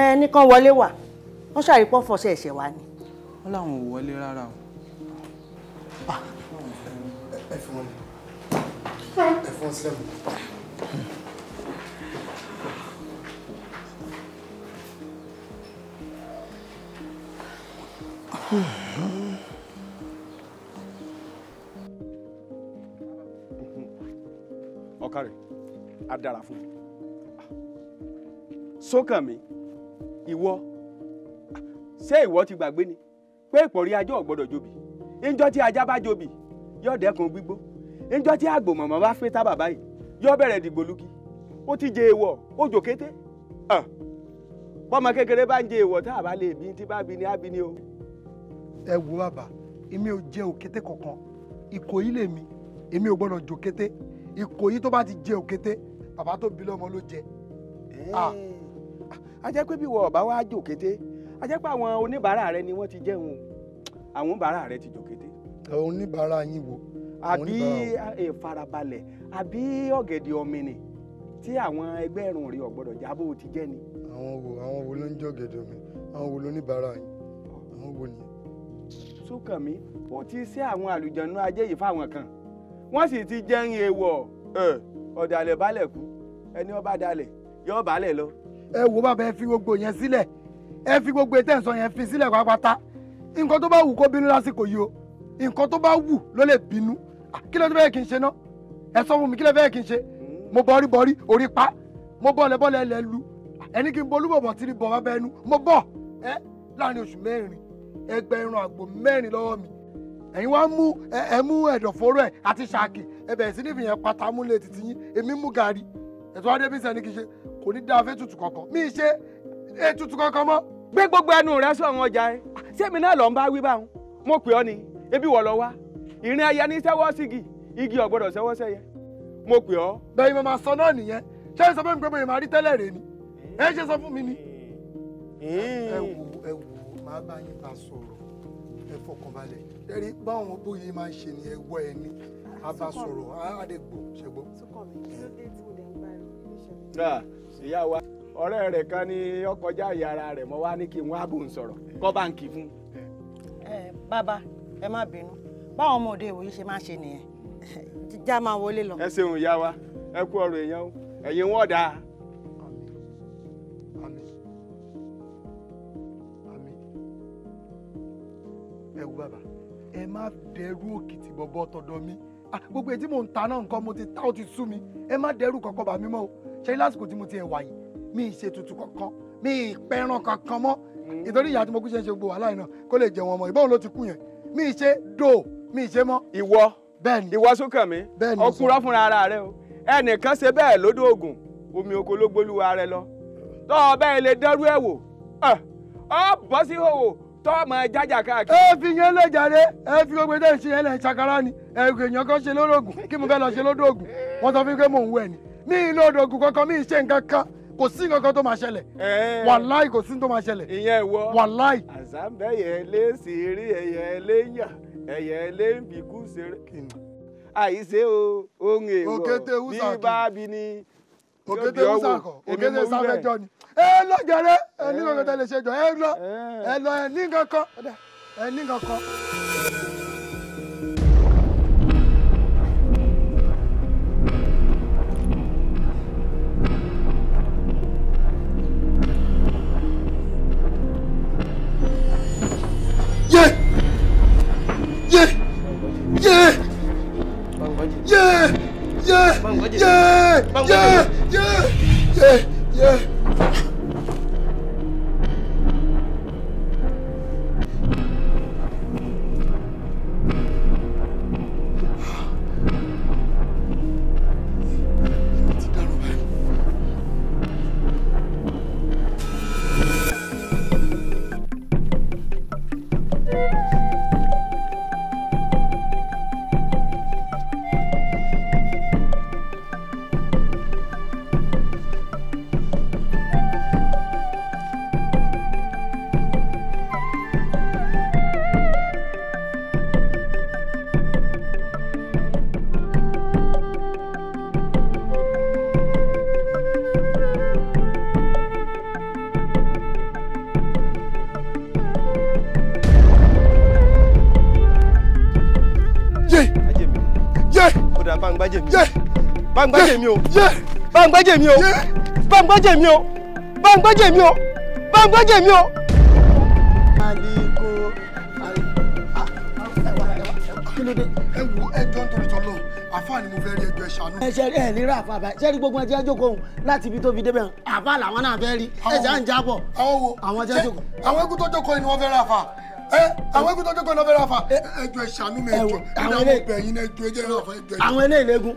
ẹ nìkan wọlé wà wọ́n ṣàrípọ̀ fọṣẹ́ ẹ̀ṣẹ̀ wa ni. wọ́n láwọn ò wọlé rárá o ẹ fi wọn ẹ fi wọn sílẹ̀ mọ́. ọ̀kàrẹ̀ á dára fún mi sókànmí ìwọ ṣé ìwọ ti gbàgbé ni pé ìpọ̀rí ajọ́ ò gbọ́dọ̀ jóbi ìjọ tí ajá bá jobì yóò dẹ́kun gbígbó ìjọ tí àgbò mọ̀mọ́ bá fẹ́ tábà báyìí yóò bẹ̀rẹ̀ dìgbò lukì ó ti jẹ èèwọ̀ ó jò kété bọ́mọ kékeré bá ń jẹ èèwọ̀ tá a bá lè bí tí bá bí ni á bí ni o. ẹ wo bàbá èmi ò jẹ òkété kankan ìkòyí lèmi èmi ò gbọ́dọ̀ jò kété ìkòyí tó bá ti jẹ òkété bàbá tó bí lọ́mọ ló jẹ. Ah. a jẹ́ pé bí wọ́n ọ̀bá wa jò kété a jẹ́ pé àwọn oníbàárà rẹ ni wọ́n ti jẹun o àwọn oníbàárà rẹ ti jòkété. àwọn oníbàárà yín wo. àbí ìfarabalẹ̀ àbí ọ̀gẹ̀dẹ̀ ọ̀mìnì tí àwọn ẹgbẹ́ ẹ̀rùn rí ọ̀gbọ́dọ̀ jábọ̀ ti jẹ́ ni. àwọn wo àwọn wo ló ń jọ ọ̀gẹ̀dẹ̀ ọ̀mìnì àwọn wo ló níbàárà yín àwọn wo nìyẹn. Súnkànmí ó ti ṣe àwọn àlùjọ̀nú ajé yìí fáwọn kan wọ́n sì ti jẹ́ ń ewọ̀ ọ̀dàlẹ̀ balẹ̀ kú ẹni ó bá dalẹ̀ yóò balẹ̀ lọ. ẹ wo bàbá ẹ fi gbogbo yẹn sílẹ̀ ẹ fi gbogbo ètò ẹ̀sán yẹn fi sílẹ̀ pátápátá nǹkan tó bá wù kó bínú lásìkò yìí o nǹkan tó bá wù ló lè bínú ah, kí ló tó bẹ́ẹ̀ kí n ṣe ná ẹ sọ fún mi kí ló bẹ́ẹ̀ kí n ṣe mo bọrí bọrí orí pa mo bọ́lẹ̀ bọ́lẹ̀ ẹlẹ́ lu ah, ẹni kí n bọ olúbọ̀bọ̀ tí ní bọ̀ bábẹ́ ẹnu mo bọ̀ ẹ láàrin oṣù mẹ́rin ẹgbẹ̀rún àgbò mẹ́rin lọ́wọ́ mi ẹ̀yin wá mú ẹ mú ẹ̀dọ̀fóró ẹ̀ àti ṣáàkì ẹ bẹ̀rẹ̀ sí ní fìyẹn pátá múlẹ̀ títí yín èmi mú gàrí ẹ̀tọ́ adébísẹ́ ni kì í ṣe kò ní dáa fẹ́ tutù kankan mí ṣe ètùtù kankan mọ́ gbé gbogbo ẹnu rẹ sọ̀rọ̀ ọjà ẹ sẹ́mi ah, náà lọ́n bá wí báwọn mo pè ọ́ ni ebi wọ̀ lọ wá ìrìn ẹyẹ ní sẹ́wọ́ sígi igi ọ̀gbọ́dọ̀ sẹ́wọ́ sẹ́yẹ mo pè ọ́. bẹ́ẹ̀ mo máa sọ náà nìyẹn ṣé ẹ sọ fún mi pé mo yẹ máa rí tẹ́lẹ̀ rẹ ni ẹ ṣe sọ fún mi ni. ẹ wò ẹ wò màá bá yín bá sọ̀rọ̀ ẹ fọkànbalẹ̀ ẹ rí báwọn bóyá máa ń ṣe ni ẹ wọ ẹ ní abá sọ̀rọ̀ àdégbò ṣẹgbọ́. Ah, ìyá wa. ọ̀rẹ́ rẹ̀ kan ni ọkọjá ìyá ara rẹ̀ mọ́ wá ní kí n wá bò ń sọ̀rọ̀ kọ́ bá ń kì í fún. bàbá ẹ má bínú báwọn ọmọ òde ìwòye ṣe máa wọlé lọ. ẹ ṣeun ìyá wa ẹ kú èèyàn o wọn dáa. ẹ bàbá ẹ má dẹrú òkìtì mi ah, gbogbo mò ń ta ṣe lásìkò tí mo ti mi ì ṣe tutù kankan mi ì pẹran kankan mọ́ ìtorí ìyá tí mo kú ṣe ń ṣe gbogbo wàhálà yìí náà kó lè jẹun ọmọ ìbọn ló ti kú yẹn mi ì ṣe dò mi ì ṣe mọ́. ìwọ bẹ́ẹ̀ni ìwọ Súnkànmí ọkùnrin fúnra ara rẹ o ẹnìkan ṣe bẹ́ẹ̀ lódò ògùn omi oko ló gbólúwa rẹ lọ tọ́ ọ bẹ́ẹ̀ lè dẹ́rú ẹ̀ wò ọ bọ́ sí hòhò tọ́ ọmọ jájà káàkiri. ẹ fi yẹn lè jàre ẹ fi gbogbo ẹdẹ ṣe yẹn lẹ ṣàkárá ni ẹgbẹ èèyàn kan ṣe lódògùn kí mo fẹ́ lọ ṣe lódògùn wọn sọ fún mi pé mò ń wẹ̀ ni mi ì lódògùn kankan mi ì ṣe nǹkan kan kò sí nǹkan kan tó máa ṣẹlẹ̀ wàláì kò sí nǹkan tó máa ṣẹlẹ̀ ìyẹn ìwọ wàláì. lé sèré ẹ̀yẹ lé ẹ̀yẹ lé sèré àìsè o ohun èèwọ̀ bí bá bí ni òkété wúsàkọ òkété sáfẹjọ ni ẹ lọ ẹ ní kankan tẹ lè ṣe jọ ẹ lọ ẹ lọ ẹ ní kankan ẹ ní kankan. gbàjẹ́ mi o bá ń gbàjẹ́ mi o bá ń gbàjẹ́ mi o bá ń rí ẹjọ́ ìṣàánú. ẹ gbogbo ẹjẹ jókòó òun láti ibi tó fi débẹ̀ àfáà làwọn náà fẹ́ rí ẹjẹ ń jábọ̀. àwọn wo àwọn àwọn ẹkú tó jókòó ni wọ́n fẹ́ rí àfáà àwọn ẹkú tó jókòó ni wọ́n fẹ́ rí àfáà ẹjọ́ ìṣàánú mi ẹjọ́ ẹjọ́ àwọn ẹlẹ́gùn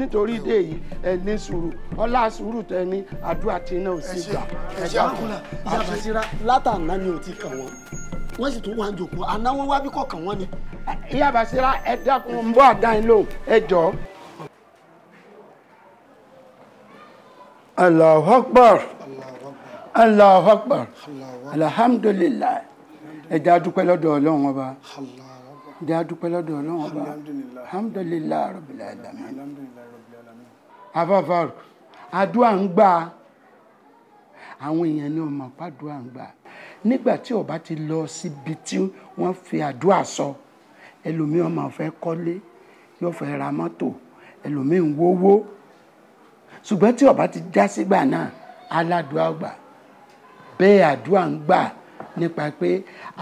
nítorí dé yìí ẹ ní sùúrù ọlá sùúrù tẹ ní àdúrà tí iná ò sí gbà. ẹ ṣe àkúnlá ìyá àbàṣírà látàná ni ò ti kàn wọn wọn sì tún wá ń jòkó àná wọn wá bí kò kàn wọn ni. ìyá àbàṣírà ẹ dákun ń bọ́ àdá lóhùn ẹ jọ̀ọ́. Allahu Akbar Allahu Akbar alhamdulillah ẹ jẹ́ a dúpẹ́ lọ́dọ̀ Ọlọ́run ọba jẹ́ a dúpẹ́ lọ́dọ̀ Ọlọ́run ọba alhamdulillah rabbil alamin afáfáàrù àdúrà ń gbà àwọn èèyàn ni ọmọ pàdúrà ń gbà nígbà tí o bá ti lọ síbi tí wọ́n fi àdúrà sọ ẹlòmíì ọmọ fẹ́ kọ́lé yóò fẹ́ ra mọ́tò ẹlòmíì ń wówó ṣùgbọ́n tí o bá ti já sígbà náà aládùá gbà bẹ́ẹ̀ àdúrà ń gbà nípa pé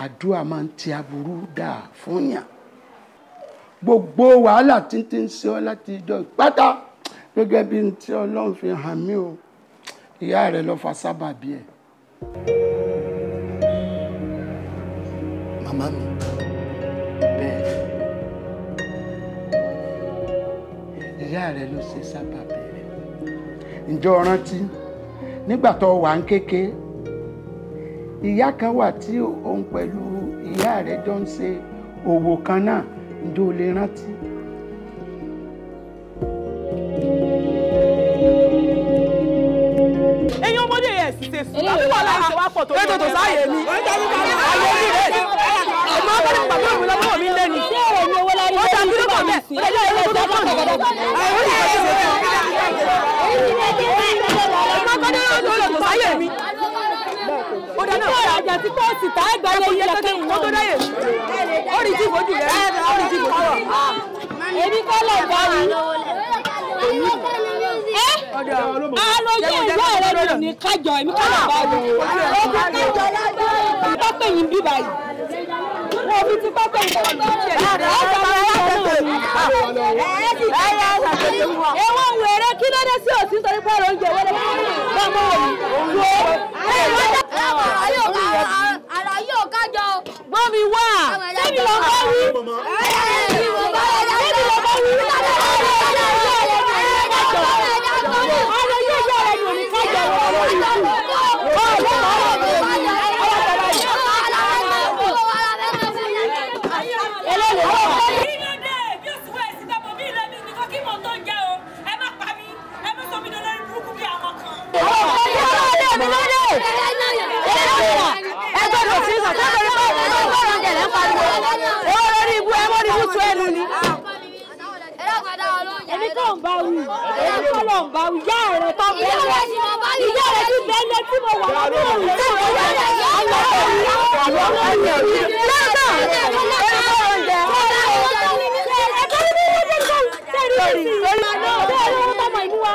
àdúrà máa ń ti aburú dà fún yàn gbogbo wàhálà tí ń ṣe ọ láti ìjọ ìpátá gẹ́gẹ́ bí n tí ọlọ́run fi hàn mí o ìyá rẹ̀ ló fa sábàbí ẹ̀. màmá mi bẹ́ẹ̀ ìyá rẹ̀ ló ṣe sábàbí rẹ̀ ǹjọ́ rántí nígbà tó wà ń kéke ìyá kan wà tí òun pẹ̀lú ìyá rẹ̀ jọ ń ṣe òwò kan náà ǹjọ́ lè rántí. la ṣe wá pọ̀ tó sáyé mi ayé mi rẹ̀ ọmọ abẹ́rẹ́ pàtó òun lọ́wọ́ mi lẹ́nu. ó dà bí lọ́wọ́ mi ẹjọ́ ilé ìjọba kan. àwọn ìjọba ṣe fẹ́. ọmọ abẹ́rẹ́ pàtó sáyé mi. ó dáná ìfọ̀ ọ̀rajà tí kò sì tá ẹgbẹ́ ayé yẹn lọ́kẹ́ ìwọ́n tó dáyé mi. ó rí jí ìwọ́dù rẹ̀ ó rí jí ìwọ́dù rẹ̀. èmi kọ́ lọ́ọ̀ bá mi alójú ìwé rẹ nù ní kájọ èmi kájọ báyìí ojú kájọ lájọ ìgbà pé yín bí báyìí wọn fi ti pápá ìgbà pé ẹwọ ń wẹrẹ kí ló dé sí òsì sọ nípa ọ̀rọ̀ oúnjẹ wẹrẹ bọmọ wo ara yóò kájọ gbọmi wá sẹbi lọ bá wí. àtẹ́lórí pé ìdájọ́ ìgbọ́ràn jẹ̀lẹ̀ ń pariwo owó lórí ibú ẹ mọ́ni ibú tu ẹnu ni. èmi tó ń bá wù èmi tó lọ ń bá wù ìyá rẹ tó ń bẹ́ẹ̀ lẹ ìyá rẹ ti bẹ́ẹ̀ lẹ tí mo wà lọ́wọ́ òun tó ń bẹ́ẹ̀ lẹ àwọn ọmọ ìyá rẹ lọ́dọ̀ ẹ̀rọ ń jẹ ẹ̀kọ́ ni mo ń jẹ́ sọ́ọ̀rì lórí lórí ọmọ ìlú wa.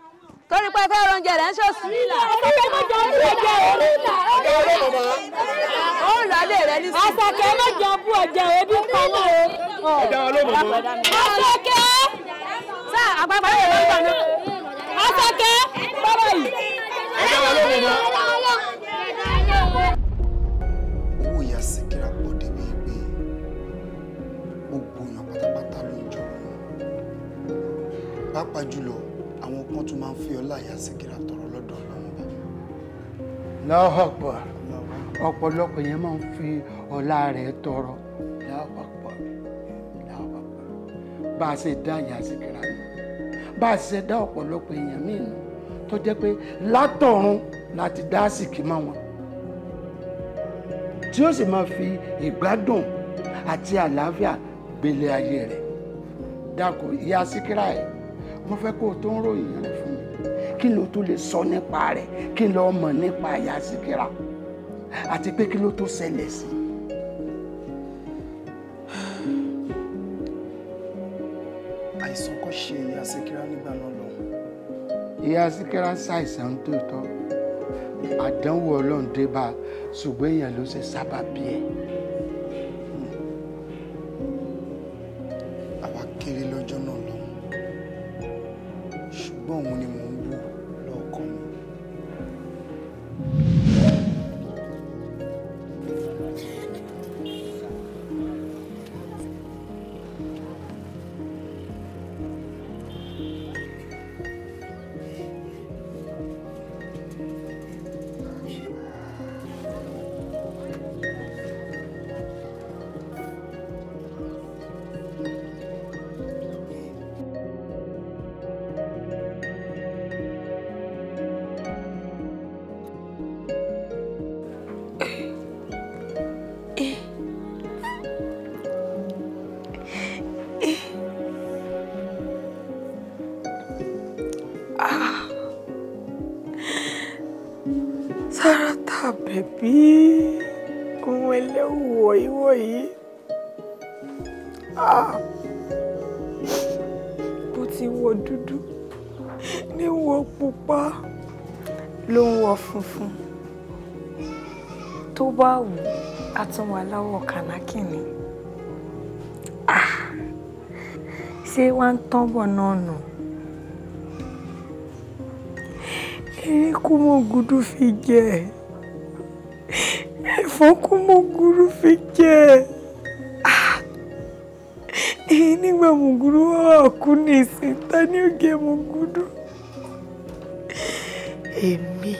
torí pé fẹ́ oúnjẹ rẹ̀ ń ṣòsì. ó ń lálé rẹ ní sí. àṣàkẹ́ mẹ́jọ bú ń pa náà o. ẹ̀jẹ̀ wọn ló mọ̀ mọ́. àṣàkẹ́. sá àgbàgbà yóò lọ gbà náà. àṣàkẹ́ bọ́lá yìí. ló mọ̀ mọ́. owó ìyá Síkírà pọ̀ débi pé gbogbo pàápàá jùlọ wọ́n tún máa ń fi ọlá ìyá Síkírà tọrọ lọ́dọ̀ Ọlọ́run bá. lọ́họ̀pọ̀ ọ̀pọ̀lọpọ̀ yẹn máa ń fi ọlá rẹ̀ tọrọ lọ́họ̀pọ̀ lọ́họ̀pọ̀ bá a ṣe dá ìyá Síkírà nù bá a ṣe dá ọ̀pọ̀lọpọ̀ èèyàn míì nù tó jẹ́ pé látọ̀run láti dá àsìkí mọ́ wọn tí ó sì máa fi ìgbádùn àti àlàáfíà gbélé ayé rẹ̀ dákò ìyá Síkírà yìí mo fẹ́ kó o tó ń ròyìn rẹ̀ fún mi kí ló tó lè sọ nípa rẹ̀ kí ló mọ̀ nípa ìyá síkírà àti pé kí ló tó ṣẹlẹ̀ sí i. àìsàn kan ṣe ìyá síkírà nígbà náà lọ. ìyá síkírà ṣàìsàn ń tòótọ́ àdánwò ọlọ́run dé bá a ṣùgbọ́n èèyàn ló ṣe sábà bí ẹ̀. olówó aláwọ̀ kànákì ni ah! ṣé wá ń tán bọ̀ náà nù erékùn mọ́gùdù fi jẹ́ ẹ̀fọ́ kún mọ́gùdù fi jẹ́ èyí ah! nígbà mọ́gùdù ọ̀kú ní ìsìn ta ní ògè mọ́gùdù èmi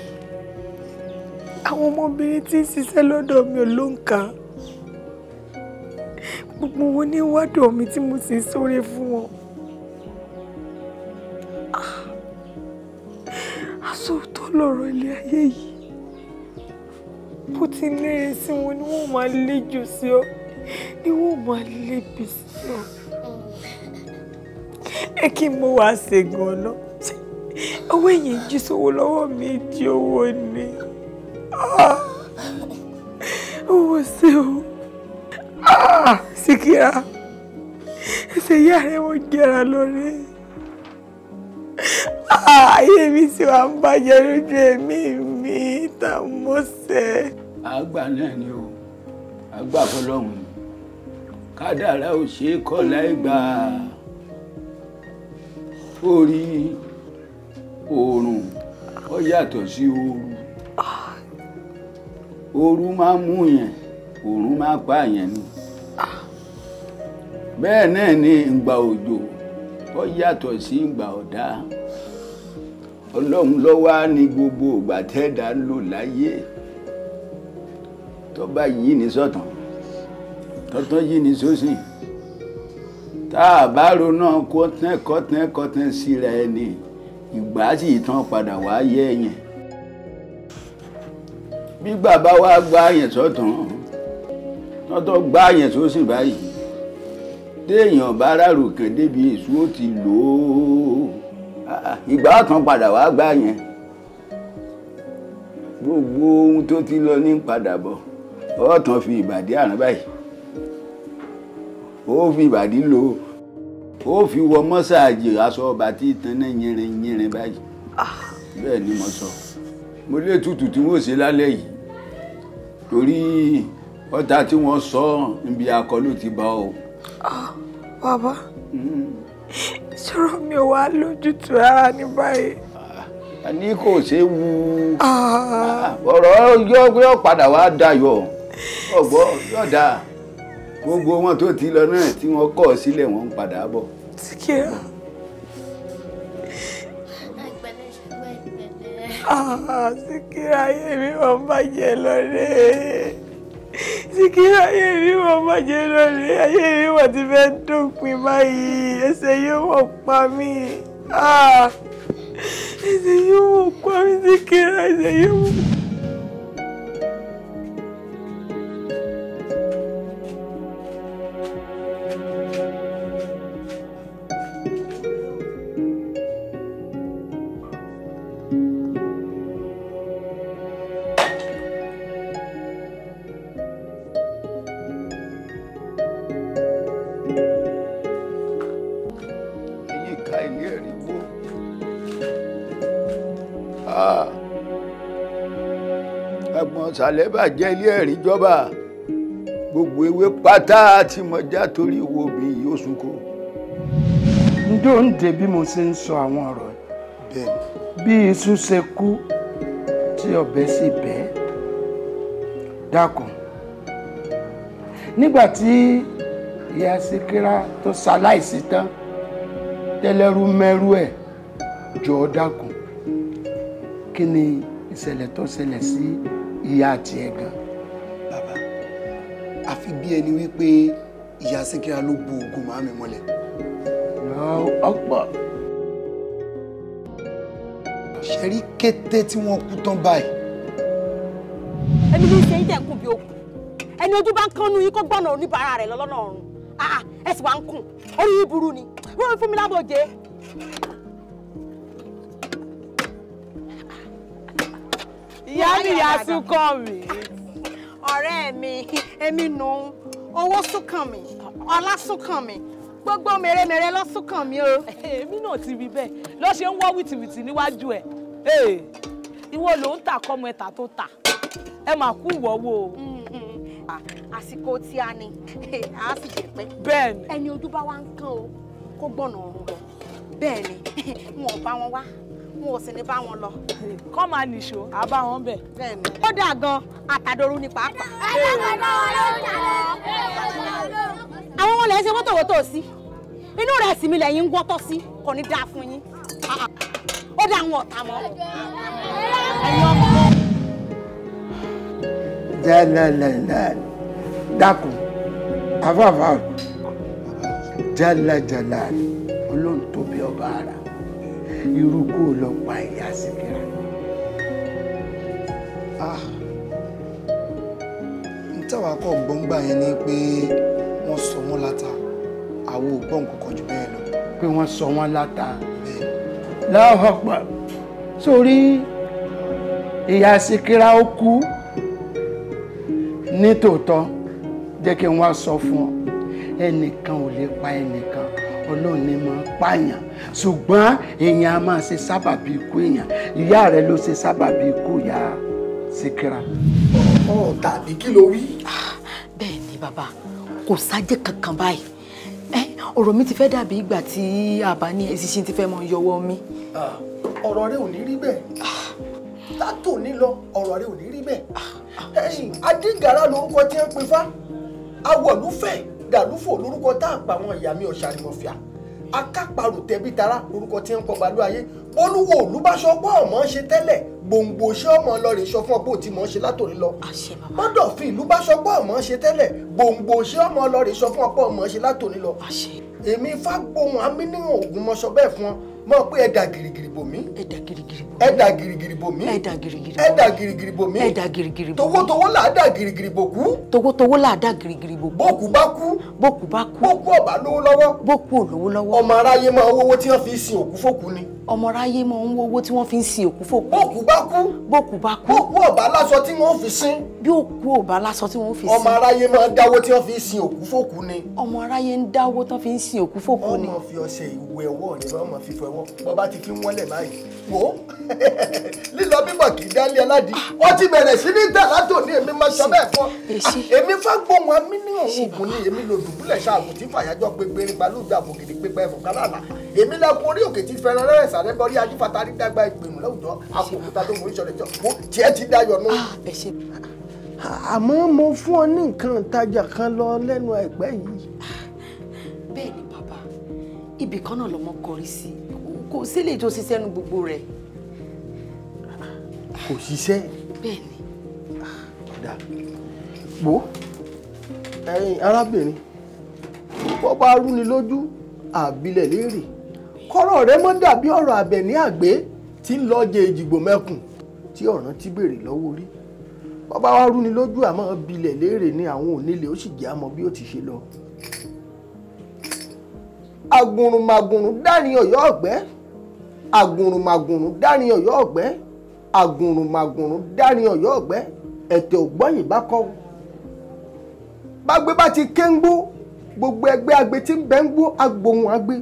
àwọn ọmọbìnrin tí ń ṣiṣẹ́ lọ́dọ̀ mi ò lóǹkà gbogbo wọn ní wádùn mi tí mo sì sóre fún wọn. àsòótọ́ ah, lọ̀rọ̀ ilé ayé yìí bó ti lére sí wọn ni wọ́n máa léjò sí ọ ni wọ́n máa lébi sí ọ. ẹ kí mo wá ṣe gan-an owó èyí jí sówó lọ́wọ́ mi di owó ni ah, owó sí o. Síkírà ẹsẹ̀ ìyá rẹ̀ wọ́n jẹ́ra lórí ayé mi sì wà ń bàjẹ́ lójú ẹ̀mí mi tá mo ṣe. àgbà náà ni o àgbà fọlọ́run kádàrá ò ṣe é kọ́ láì gbà ó rí oòrùn ó yàtọ̀ sí ni bẹ́ẹ̀ náà ni ìgbà òjò ó yàtọ̀ sí ìgbà ọ̀dá ọlọ́run ló wà gbogbo ìgbà tẹ́ẹ̀dá ń lò láyé tó bá yí ni sọ́tàn tọ́tán yí ni sósì tá a bá ronú kọ́tán kọ́tán kọ́tán síra ẹni ìgbà sì tán padà wá yé yẹn bí bàbá wa gbá yẹn sọ́tàn tọ́tán gbá yẹn sósì báyìí téèyàn bá rárò kàn débi èṣù ó ti lò ó ah, ìgbà kan padà wá gbá yẹn gbogbo ohun tó ti lọ ní padà bọ̀ ọ̀tàn fi ìbàdí àrùn báyìí ó fi ìbàdí lò ó fi wọ mọ́sáàjì aṣọ ọba tí ìtàn náà yẹrin yẹrin báyìí ah. bẹ́ẹ̀ ni mo sọ mo lé tutù tí wọ́n ṣe lálẹ́ yìí torí ọ̀tá tí wọ́n sọ níbi akọ ló ti bá ọ. Ah, bàbá ìṣòro mi ò wá lójútùú rárá ní báyìí. àní ah, kò ṣeé wu ah. ọ̀rọ̀ yọ pé ó padà wá dayọ̀ ọ̀gbọ́ yóò dáa gbogbo wọn tó ti lọ náà tí wọ́n kọ̀ sílẹ̀ wọ́n ń padà bọ̀. síkírà. síkírà yẹmi wọn bàjẹ́ lọ́rẹ́ tí kí ayé mi wọ́n má jẹ́ lọ́lẹ̀ ayé mi wọ́n ti fẹ́ dópin báyìí ẹsẹ̀ yóò wọ̀ pa mí ah! ẹsẹ̀ yóò wọ̀ pa mí tí kí ẹsẹ̀ yóò wọ̀. Ah. ẹ̀gbọ́n sàlẹ́bà jẹ́ ilé ẹ̀rí jọba gbogbo ewé pátá tí mo já torí ìwo obìnrin yìí ó sunko. njó ń dè bí mo ṣe ń sọ àwọn ọ̀rọ̀ bẹ́ẹ̀ bí iṣu ṣe kú tí ọ̀bẹ sì bẹ́ẹ̀ dákun nígbà tí ìyá síkírá tó ṣaláìsí tán tẹlẹrú mẹrú ẹ jọ̀ọ́ dákun kí ni ìṣẹ̀lẹ̀ tó ṣẹlẹ̀ sí ìyá àti ẹ̀gàn. bàbá àfi bí ẹni wípé ìyá síkírà ló bu oògùn màmí mọ́lẹ̀. ọ̀pọ̀. ṣẹ́rí kété tí wọ́n kú tán báyìí. ẹni ní ṣe ń jẹ́ nkùn bí okùn ẹni ojú bá ń kánú yín kó gbọ́nà oníbàárà rẹ̀ lọ́lọ́nà ọ̀run ah, ah, ẹ sì wá ń kùn orí yín burú ni wọ́n fún mi lábòjé ìyá nìyá Súnkànmí. ọ̀rẹ́ mi èmi nù owó Súnkànmí ọlá Súnkànmí gbogbo mèremère lọ Súnkànmí o. Eh, èmi náà ti rí bẹ́ẹ̀ ló ṣe ń wọ́ wìtìwìtì níwájú ẹ̀ eh, ìwọ ló ń tà kọ́mọ ẹ̀ta tó tà ẹ máa kú ìwọ́wọ́ o mm-hmm. àsìkò tí a ní a sì jẹ pé. bẹ́ẹ̀ni. ẹni ojú bá wa ń kán o kó gbọ̀nà ọ̀run lọ bẹ́ẹ̀ni <laughs> wọn ò bá wọn wá n ò sì ní bá wọn lọ. kọ́ máa nìṣó àá bá wọn bẹ̀. bẹ́ẹ̀ni. ó dà gan àtàdóru ni pàápàá. àwọn ọmọ lẹ́yìn ṣe mọ́tò wò tó sí inú rẹ̀ sì mi lẹ́yìn ń gbọ́tọ̀ sí kò ní dáa fún yín ó dà wọn ọ̀tá mọ́. jẹ́lẹ̀lẹ̀lẹ̀ dákun afáfá jẹ́lẹ̀jẹ̀lẹ̀ olóńtóbi ọba ara irú kó lọ pa ìyá Síkírà. n táwa kọ gbọ́ngbà yẹn ni pé wọ́n sọ wọ́n láta àwọn ògbọ́n kankan jù bẹ́ẹ̀ lọ. pé wọ́n sọ wọ́n láta láhọ́pọ̀ sórí ìyá Síkírà ó kú nítòótọ́ jẹ́ kí n sọ fún ẹnìkan ò lè pa ẹnìkan ọlọ́run ni mo ń pààyàn ṣùgbọ́n èèyàn a máa ṣe sábàbí ikú èèyàn ìyá rẹ ló ṣe sábàbí ikú ìyá síkírà. ọ̀hún tàbí kí ló wí. bẹ́ẹ̀ ni bàbá kò sájẹ́ kankan báyìí ọ̀rọ̀ mi ti fẹ́ dàbí ìgbà tí àbá ní ẹ̀sìn ti fẹ́ mọ yọwọ́ mi. ọ̀rọ̀ rẹ ò ní rí bẹ́ẹ̀ látò ní lọ ọ̀rọ̀ rẹ ò ní rí bẹ́ẹ̀ ẹ̀yìn lórúkọ tí ń pin fá awọ̀lúfẹ̀ẹ́ gàlúfò lórúkọ tá a pa àwọn ìyá mi à akáparò tẹ̀bí tara lórúkọ tí ń pọba lóayé olúwo olúbáṣọ pọ̀ ọmọ ń ṣe tẹ́lẹ̀ gbòǹgbò ṣé ọmọ lọrẹ sọ fún ọ bó ti mọ̀ ṣe látòrí lọ. mọ́dọ̀ fi ìlúbáṣọ pọ̀ ọmọ ṣe tẹ́lẹ̀ gbòǹgbò ṣé ọmọ lọrẹ sọ fún ọ pọ̀ ọmọ ṣe látòrí lọ. èmi fagbohun amínú ògùn mọṣọ bẹ́ẹ̀ fún ọ mọ̀ pé ẹ̀dà gìrìgìrì bò mí. ẹ̀dà gìrìgìrì bò mí. ẹ̀dà gìrìgìrì bò mí. ẹ̀dà gìrìgìrì bò mí. ẹ̀dà gìrìgìrì bò mí. ẹ̀dà gìrìgìrì bò mí. towótowó là á dà gìrìgìrì bò kú. towótowó là á dà gìrìgìrì bò kú. bókù bá kú. bókù bá kú. bókù ọ̀bà lówó lọ́wọ́. bókù ò lówó ọmọ aráyé máa wówó tí wọ́n fi sin òkú fòkú ni ọmọ ráyé mọ ń wo owó tí wọ́n fi ń sin òkú fòkú. bókù bá kú. bókù bá kú. bókù ọ̀bá lásọ tí wọ́n fi sin. bí òkú ọ̀bá lásọ tí wọ́n fi sin. ọmọ máa ń dáwó tí wọ́n fi ń sin òkú fòkú ni. ọmọ ń dáwó tí wọ́n fi ń sin òkú fòkú ni. ọmọ fi ọṣẹ ìwé ọwọ́ ni wọ́n mọ fífọ ẹwọ bọ́ ti fi wọ́n báyìí. wò <laughs> lílọ bíbọ̀ kì í dálé aládìí. wọ́n ti bẹ̀rẹ̀ sí ní dà látò èmi máa èmi lẹ́kùn orí òkè ti fẹ́ràn rẹ̀ sàrẹ́ bọ́rí ajífàtàrí dàgbà ìgbìmọ̀ lẹ́wùjọ́ àpòkúta tó borí sọ̀rọ̀ jọ mo tiẹ̀ ti dayọ̀ nù. Ah, àmọ́ mo fún ọ ní nǹkan ìtajà kan lọ lẹ́nu àìpẹ́ yìí. bẹ́ẹ̀ ni bàbá ibì kan náà lọmọ kọrí sí kò sílè tó ṣiṣẹ́ nu gbogbo rẹ̀. kò ṣiṣẹ́. bẹ́ẹ̀ ni. ọ̀dà gbó ẹ̀yin arábìnrin bọ́ bá rú ni lójú àbílẹ̀ léèrè kọ́rọ̀ rẹ mọ́ dàbí ọ̀rọ̀ àbẹ̀ ní àgbé tí ń lọ́jẹ̀ èjìgbò mẹ́kùn tí ọ̀ràn ti béèrè lọ́wọ́ orí bàbá wa rúni lójú àmọ́ bilẹ̀ léèrè ni àwọn onílé ó sì jẹ́ àmọ́ bí ó ti ṣe lọ. àgùnrùnmàgùnrùn dání ọ̀yọ́ ọ̀gbẹ́ àgùnrùnmàgùnrùn dání ọ̀yọ́ ọ̀gbẹ́ àgùnrùnmàgùnrùn dání ọ̀yọ́ ọ̀gbẹ́ ẹ̀tẹ̀ ògbọ́yìn bá kọ́ bágbé bá ti ké ń gbó gbogbo ẹgbẹ́ agbe tí ń bẹ́ agbóhun agbe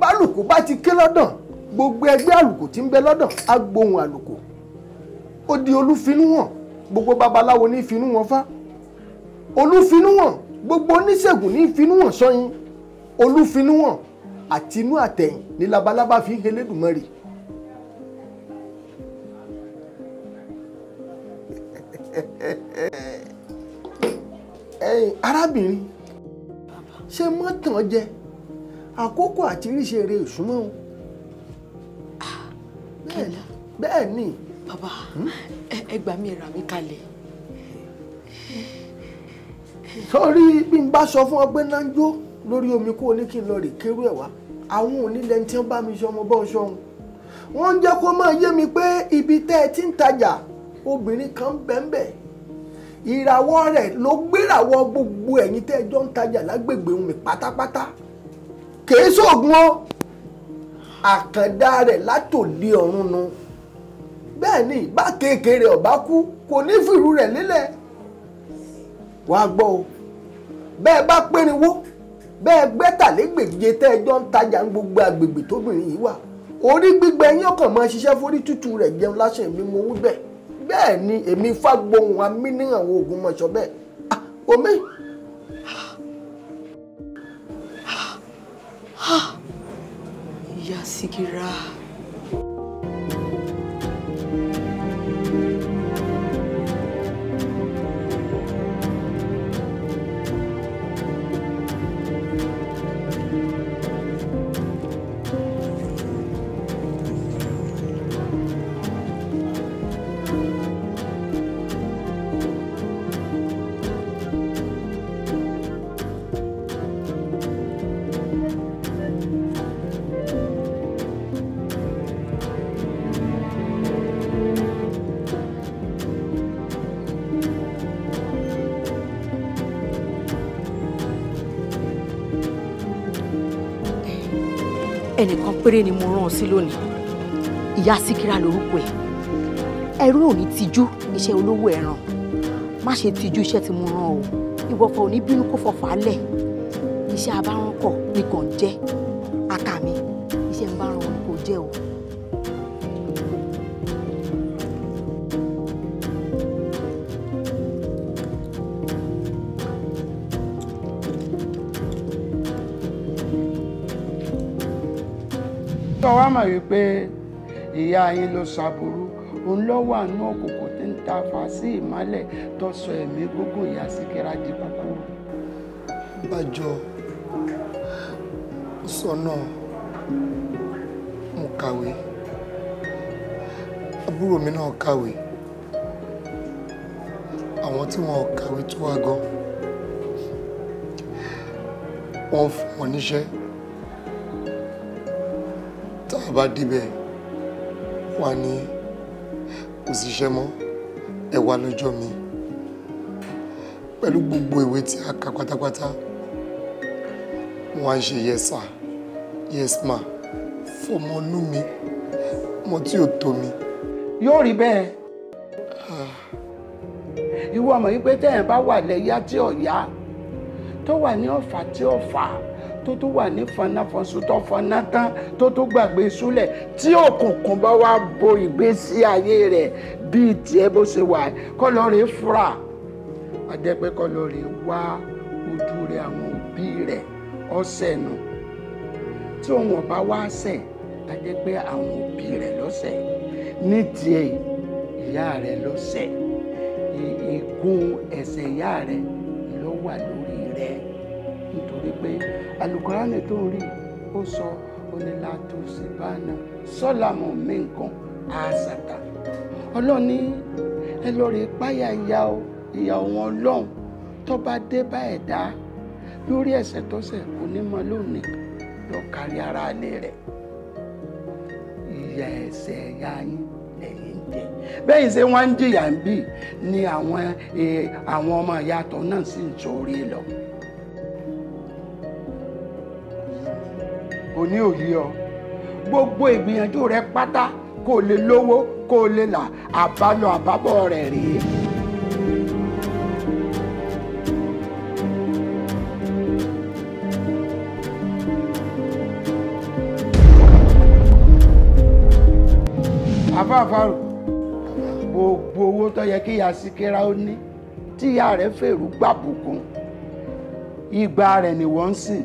bálùkù bá ti ké lọ́dàn gbogbo ẹgbẹ́ àlùkò tí ń bẹ lọ́dàn á gbóhùn àlùkò ó di olúfinú hàn gbogbo babaláwo ní finú wọn fá olúfinú hàn gbogbo oníṣègùn ní finú hàn sọyin olúfinú hàn àtinú àtẹ̀yìn ní labalábá fi ń helédùmarè. ẹ̀yin arábìnrin ṣé mọ́tàn jẹ́ àkókò àti ríṣe eré ìsúnmọ́ o. bẹ́ẹ̀ni bẹ́ẹ̀ni. bàbá hmm? ẹ gbà mí ra mi kalẹ̀. sọ́rí bí n bá sọ fún ọ pé náà ń jó lórí omi kó o ní kí n lọ rè kérú ẹ̀ wá àwọn onílẹ̀ tí wọ́n bá mi sọmọ bọ́ sọ́hun wọ́n ń jẹ́ kó máa yé mi pé ibi tẹ́ ẹ ti ń tajà obìnrin kan bẹ́ẹ̀nbẹ́ ìràwọ̀ rẹ̀ ló gbéràwọ̀ gbogbo ẹ̀yin tẹ́ ẹ jọ ń tajà lágbègbè mi pátápátá kèé sóògùn o àkàndá rẹ̀ látòlé ọ̀run nu bẹ́ẹ̀ ni bá kékeré ọ̀bá kú kò ní fìrú rẹ̀ lélẹ̀ wàá gbọ́ o bẹ́ẹ̀ bá pérínwó bẹ́ẹ̀ gbẹ́tàlégbèje tẹ́ ẹjọ́ ń tajà ń gbogbo agbègbè tóbìnrin yìí wà orí gbígbẹ yín ọkàn máa ṣiṣẹ́ forí tútù rẹ̀ jẹun lásán èmi mo wí bẹ́ẹ̀ bẹ́ẹ̀ ni èmi fagbohùn amíníràn oògùn mọ̀ṣọ́ bẹ́ẹ̀ ah, omi. Ah, Ah, <gasps> Yasigirah. péré ni mo rán ọ sí lónìí ìyá síkírà lórúkọ ẹ ẹrú ò ní tijú iṣẹ́ olówó ẹran má ṣe tijú iṣẹ́ tí mo rán ọ ìwọfọ ò ní bínú kó fọfà á lẹ iṣẹ́ abárànkọ ni kò ń jẹ́ mọ̀ wípé ìyá yín ló ṣàbùrú òun ló wà ní òkùnkùn tí ń ta fa sí tó sọ ẹ̀mí gbogbo ìyá Síkírà di kúkú. bájọ ó sọ náà mo kàwé àbúrò mi náà kàwé àwọn tí wọn kàwé tó wá gan wọn fún wọn níṣẹ́ bá débẹ̀ wà ní kò síṣẹ́ mọ́ ẹ lọ́jọ́ mi pẹ̀lú gbogbo ìwé tí a kà pátápátá wọ́n á ṣe yes sir yes ma fọmọlú mi ọmọ tí ò tó mi. yóò rí bẹ́ẹ̀ ah. ìwọ ọmọ yìí pé tẹ́yìn bá wà lẹ́yà tí ọ̀yá tó wà ní ọ̀fà tí ọ̀fà tó tó wà ní fanáfọ̀nsù tó faná tán tó tó gbàgbé súlẹ̀ tí òkùnkùn bá wá bo ìgbésí ayé rẹ̀ bíi tiẹ̀ bó ṣe wà kọ́ lọ rè fura àjẹpẹ́ kọ́ lọ rè wá ojú rẹ̀ àwọn òbí rẹ̀ ọ̀sẹ̀ nù tí òun ọ̀bá wá sẹ̀ àjẹpẹ́ àwọn òbí rẹ̀ lọ́sẹ̀ ní tiẹ̀ ìyá rẹ̀ lọ́sẹ̀ ìkún ẹ̀sẹ̀ ìyá rẹ̀ ló wà lórí alukurani tó ń rí ó sọ onílàtò síbánà sọ́làmù mi nǹkan àṣàkà ọlọ́run ní ẹ lọ rè páyà ìyá o ìyá wọn ọlọ́run tó bá dé bá ẹ̀dá lórí ẹ̀ṣẹ̀ tó ṣẹ̀ kò ní mọ lónìí lọ kárí ara ilé rẹ̀ ìyá ẹ̀ṣẹ̀ ẹ̀yà yín lẹ́yìn jẹ bẹ́ẹ̀ ṣe wọ́n ń jìyà ń bì ni àwọn eh, ọmọ ìyàtọ̀ náà sì ń sọ orí lọ. òní òye ọ gbogbo ìgbìyànjú rẹ pátá kó o lè lówó kó o lè là àbálọ àbábọ̀ rẹ rèé. afáfárò gbogbo owó tó yẹ kí ìyá síkírá ó ní tíyà rẹ̀ fèrú gbàbùkún ìgbà rẹ̀ ni wọ́n ń sìn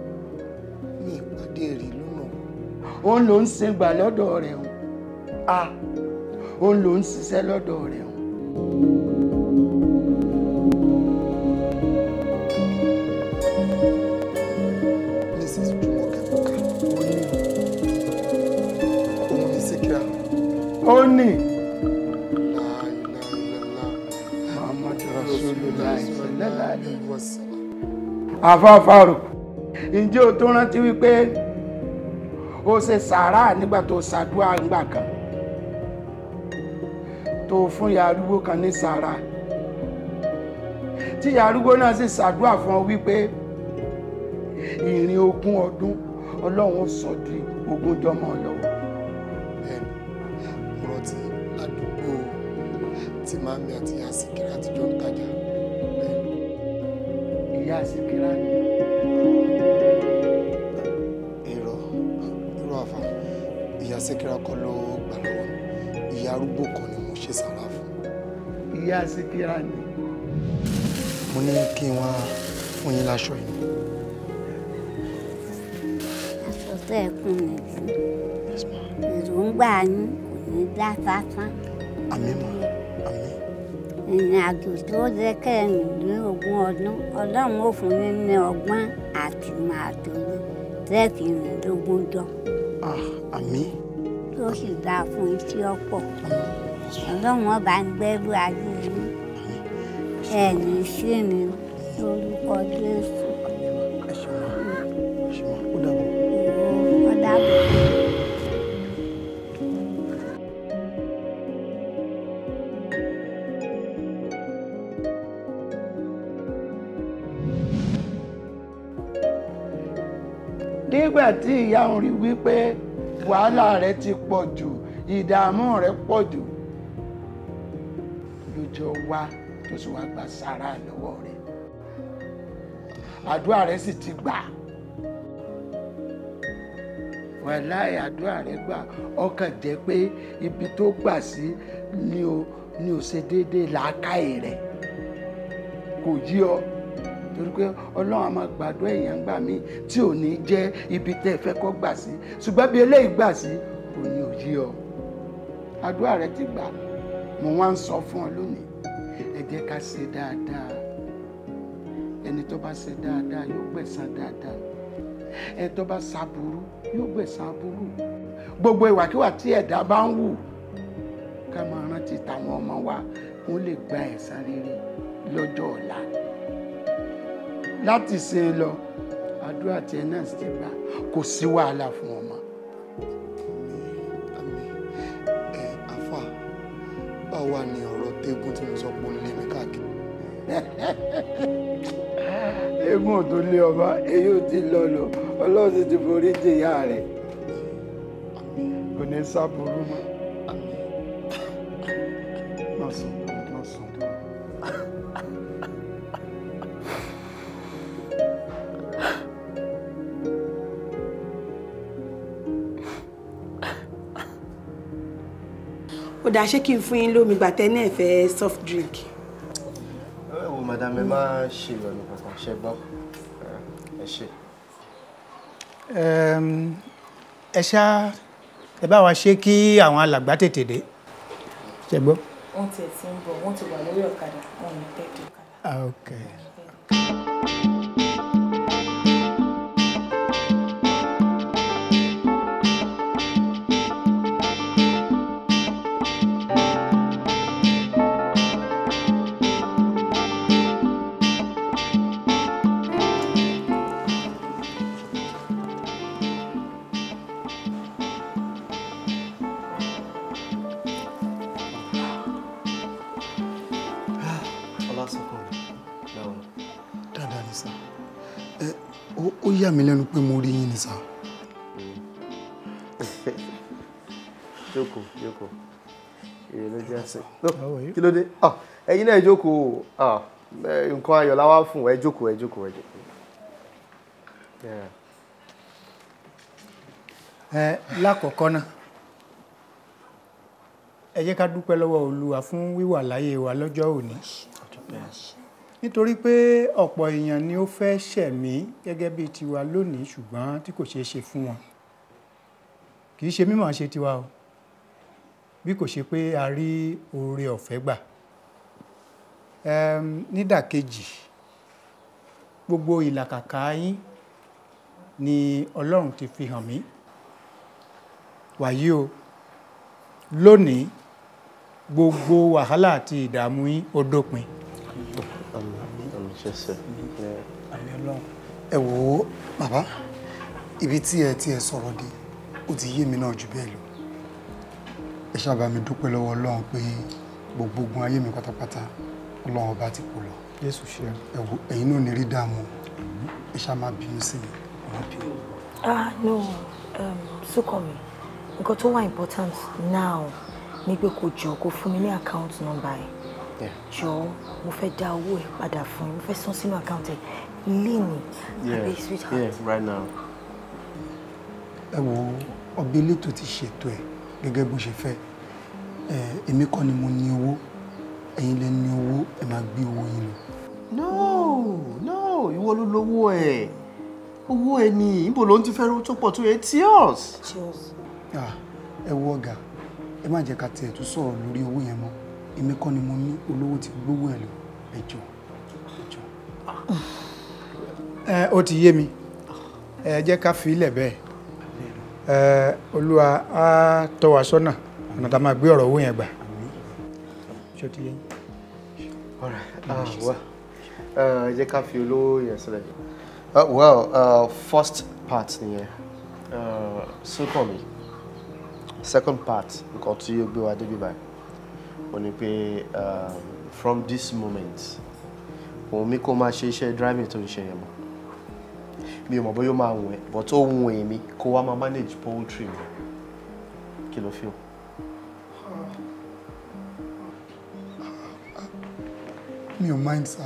ní ìpàdé rè lọ́nà òun ló ń ṣe gbà lọ́dọ̀ o a òun ló ń ṣiṣẹ́ lọ́dọ̀ rẹ̀ o. Mrs. Jumoke ó ní òun ní ǹjẹ́ o tó rántí wípé o ṣe sàárà nígbà tó ṣàdúrà ńgbà kan tó fún ìyá arúgbó kan ní sàárà tí ìyá arúgbó náà sì ṣàdúrà fún ọ wípé ìrìn ogún ọdún ọlọ́run sọ di ogún jọmọ lọ́wọ́. bẹ́ẹ̀ni ọ̀rọ̀ tí àdúgbò tí màmí àti ìyá síkírà àtijọ́ ń tajà bẹ́ẹ̀ni. ìyá síkírà ni. Síkírà kọ́ ló gbà lọ́wọ́ ìyá arúgbó kan ni mo ṣe sára fún. ìyá Síkírà ni. mo ní kí n wá fún yín láṣọ yìí. aṣọ tó ẹ kún ní ìlú èròǹgbà yín kò ní dá sáfá. àmín mọ àmín. ìrìn àjò tó jẹ́ kẹrin ní ogún ọdún ọlọ́run ó fún yín ní ọgbọ́n àti màá tẹ́ẹ̀kì rìn lógún jọ. Ah, àmín ó sì dáa fún iṣẹ́ ọ̀pọ̀ ọlọ́run ọba ń gbẹ́rú ayé yín ẹ̀ẹ́nì sí mi lórúkọ Jésù. nígbà tí ìyá òun rí wípé wàhálà rẹ ti pọ̀ jù ìdààmú rẹ pọ̀ jù lójó wá tó sì wá gba sára lọ́wọ́ rẹ àdúrà rẹ sì ti gbà wàláì àdúrà rẹ gbà ọkàn jẹ́ pé ibi tó gbà sí ni ò ní ò ṣe déédéé làákàyè rẹ kò yí ọ torí pé ọlọ́run a máa gbàdúrà èèyàn gbà mí tí ò ní jẹ́ ibi tẹ́ ẹ fẹ́ kó gbà sí ṣùgbọ́n bí eléyìí gbà sí kò ní òye ọ àdúrà rẹ ti gbà mo wá ń sọ fún ọ lónìí ẹ jẹ́ ká ṣe dáadáa ẹni tó bá ṣe dáadáa yóò gbẹ̀san dáadáa ẹni tó bá ṣàbùrú yóò gbẹ̀san aburú gbogbo ìwàkiwà tí ẹ̀dá bá ń wù ká máa rántí tàwọn ọmọ wa kó lè gba ẹ̀san rere lọ́jọ́ ọ̀la láti sin lọ àdúrà tiẹ̀ náà sì ti gbà kò sí wàhálà fún ọmọ. àfà báwa ni ọ̀rọ̀ tẹ́gùn tí mo sọ pé ó lé mi káàkiri. eégún <laughs> ò tó lé ọba èyí ò ti lọ lọ ọlọ́run ti forí jìyà rẹ̀ kò ní sábúrú mọ́. dà ṣé kí n fún yín lómi gbàtẹ́ náà fẹ́ soft drink. ẹ madam ẹ máa ṣe ìrọ̀lù kankan ṣe gbọ́ ẹ ṣe. ẹ ṣá ẹ bá wa ṣe kí àwọn alàgbà tètè dé ṣe gbọ́. wọ́n ti ẹ̀ ti ń bọ̀ wọ́n ti wà lórí ọ̀kadà wọn ní tètè ọ̀kadà. Ah, okay. yà mí lẹ́nu pé mo rí yín ni sà. jókòó jókòó èrè ló jẹ́ ẹsẹ̀ kí ló dé ẹ̀yin náà ẹ jókòó nǹkan ayọ̀ la wá fún ẹ jókòó ẹ jókòó ẹ jókòó. ẹ lákọ̀ọ́kọ́ náà ẹ jẹ́ ká dúpẹ́ lọ́wọ́ Olúwa fún wíwà láyé wa lọ́jọ́ òní nítorí pé ọ̀pọ̀ èèyàn ni ó fẹ́ ṣẹ̀mí gẹ́gẹ́ bíi tiwa lónìí ṣùgbọ́n tí kò ṣeé ṣe fún wọn kì í ṣe mímọ̀ ṣe tiwa o bí kò ṣe pé a rí oore ọ̀fẹ́ gbà nídàkejì gbogbo ìlàkàkà yín ni Ọlọ́run ti fi hàn mí wàyí o lónìí gbogbo wàhálà àti ìdààmú yín ó dópin. Mm -hmm àmì ọlọ́run ẹ wò ó bàbá ibi tí ẹ ti ẹ sọ̀rọ̀ dé ó ti yé mi náà jù bẹ́ẹ̀ lọ ẹ ṣáàbà mi dúpẹ́ lọ́wọ́ ọlọ́run pé gbogbo ogun ayé mi pátápátá ọlọ́run ọba ti kú lọ yéṣu náà ní rí dààmú ẹ ṣáà má bínú sí mi má bínú. ah no um, Sukomi nǹkan tó wà important now ni pé kò jọ kó fún mi ní account number yìí jọ̀ọ́ mo fẹ́ dá owó ẹ̀ padà fún yín mo fẹ́ san sínú àkáǹtì ẹ̀ léèní àbí right now. ẹ wo ọbẹ̀ elétò ti ṣètò ẹ̀ gẹ́gẹ́ bó ṣe fẹ́ èmi kọ́ ni mo ní owó ẹ̀yin lẹ ní owó ẹ̀ máa gbé owó yín lọ. no no ìwọ ló lówó ẹ̀ owó ẹ̀ ni ìbò ló ń ti fẹ́ rówó tó pọ̀ tó yẹ tears. Ah, ẹ wo ọ̀gá ẹ má jẹ́ ká tiẹ̀ tún sọ̀rọ̀ lórí owó yẹn mọ́ èmi kọ́ ni mo ní olówó ti gbówó ẹ̀ lò ẹjọ́ ẹjọ́. ẹ ó ti yé mi ẹ jẹ́ ká fi ilẹ̀ bẹ́ẹ̀ ẹ olúwa á tọ́ wa sọ́nà ọ̀nà tá a máa gbé ọ̀rọ̀ owó yẹn gbà. ṣé ó ti yé yín. ọ̀rẹ́ ah, àwọn jẹ́ ká fi olówó yẹn sílẹ̀. Ah, well uh, first part nìyẹn uh, sókàn mi second part nǹkan tí ó gbé wa débi báyìí ó ní pé um, from this moment òun mi kó máa ṣe iṣẹ́ driving tó ń ṣe yẹn mọ́ mi ò mọ̀ bóyá ó máa wùn ẹ́ but ó wùn èmi kó wá máa manage poultry mi kí ló fi hàn. mi ò mind sir.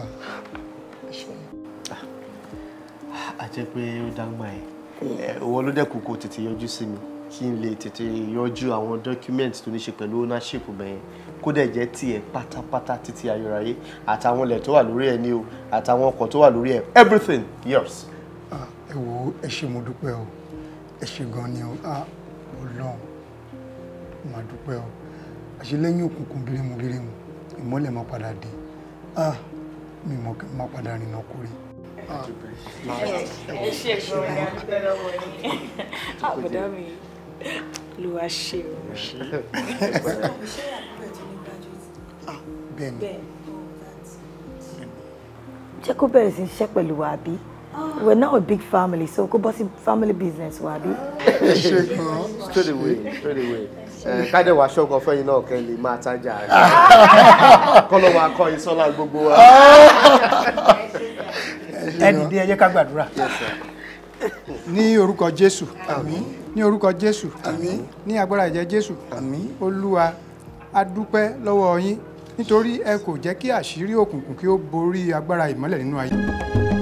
Ah, a jẹ́ pé ó dáńgbà ẹ̀ owó ló dẹ̀ kú kó tètè yọjú sí mi kí n lè tètè yanjú àwọn document tó ní ṣe pẹ̀lú ownership bẹ́yẹn kó dẹ̀ tiẹ̀ pátápátá títí ayọ̀ráyé àtàwọn ilẹ̀ tó wà lórí ẹ̀ ní o àtàwọn ọkọ̀ tó wà lórí ẹ̀ everything yours. ẹ wo ẹ ṣé mo dúpẹ́ o ẹ ṣé gan ni o ọlọ́run mà dúpẹ́ o àṣelẹ́yìn òkùnkùn gírímù gírímù ìmọ́lẹ̀ máa padà dé mi mọ̀ kí n máa padà rìnnà kúrè ẹ ṣe ìṣòro ìyá dúpẹ́ lọ́wọ́ yín àbùdá mi ló wá ṣe o. Ah, ben jẹ́ kó bẹ̀rẹ̀ sí í ṣe pẹ̀lú wa àbí ah. we're now a big family so kó bọ́ family business wa àbí. ṣe kan straight away straight away káde wàá ṣọ́kọ fẹ́yìn náà kẹ́ lè máa tajà rẹ̀ kọ́ ló máa kọ́ ìsọ́lá gbogbo wa. ẹ dìde ẹ jẹ́ ká gbàdúrà ní orúkọ Jésù àmín ní orúkọ jésù àmín ní agbára ẹ̀jẹ̀ jésù àmín olúwa a dúpẹ́ lọ́wọ́ yín nítorí ẹ kò jẹ́ kí àṣírí òkùnkùn kí ó borí agbára ìmọ́lẹ̀ nínú ayé.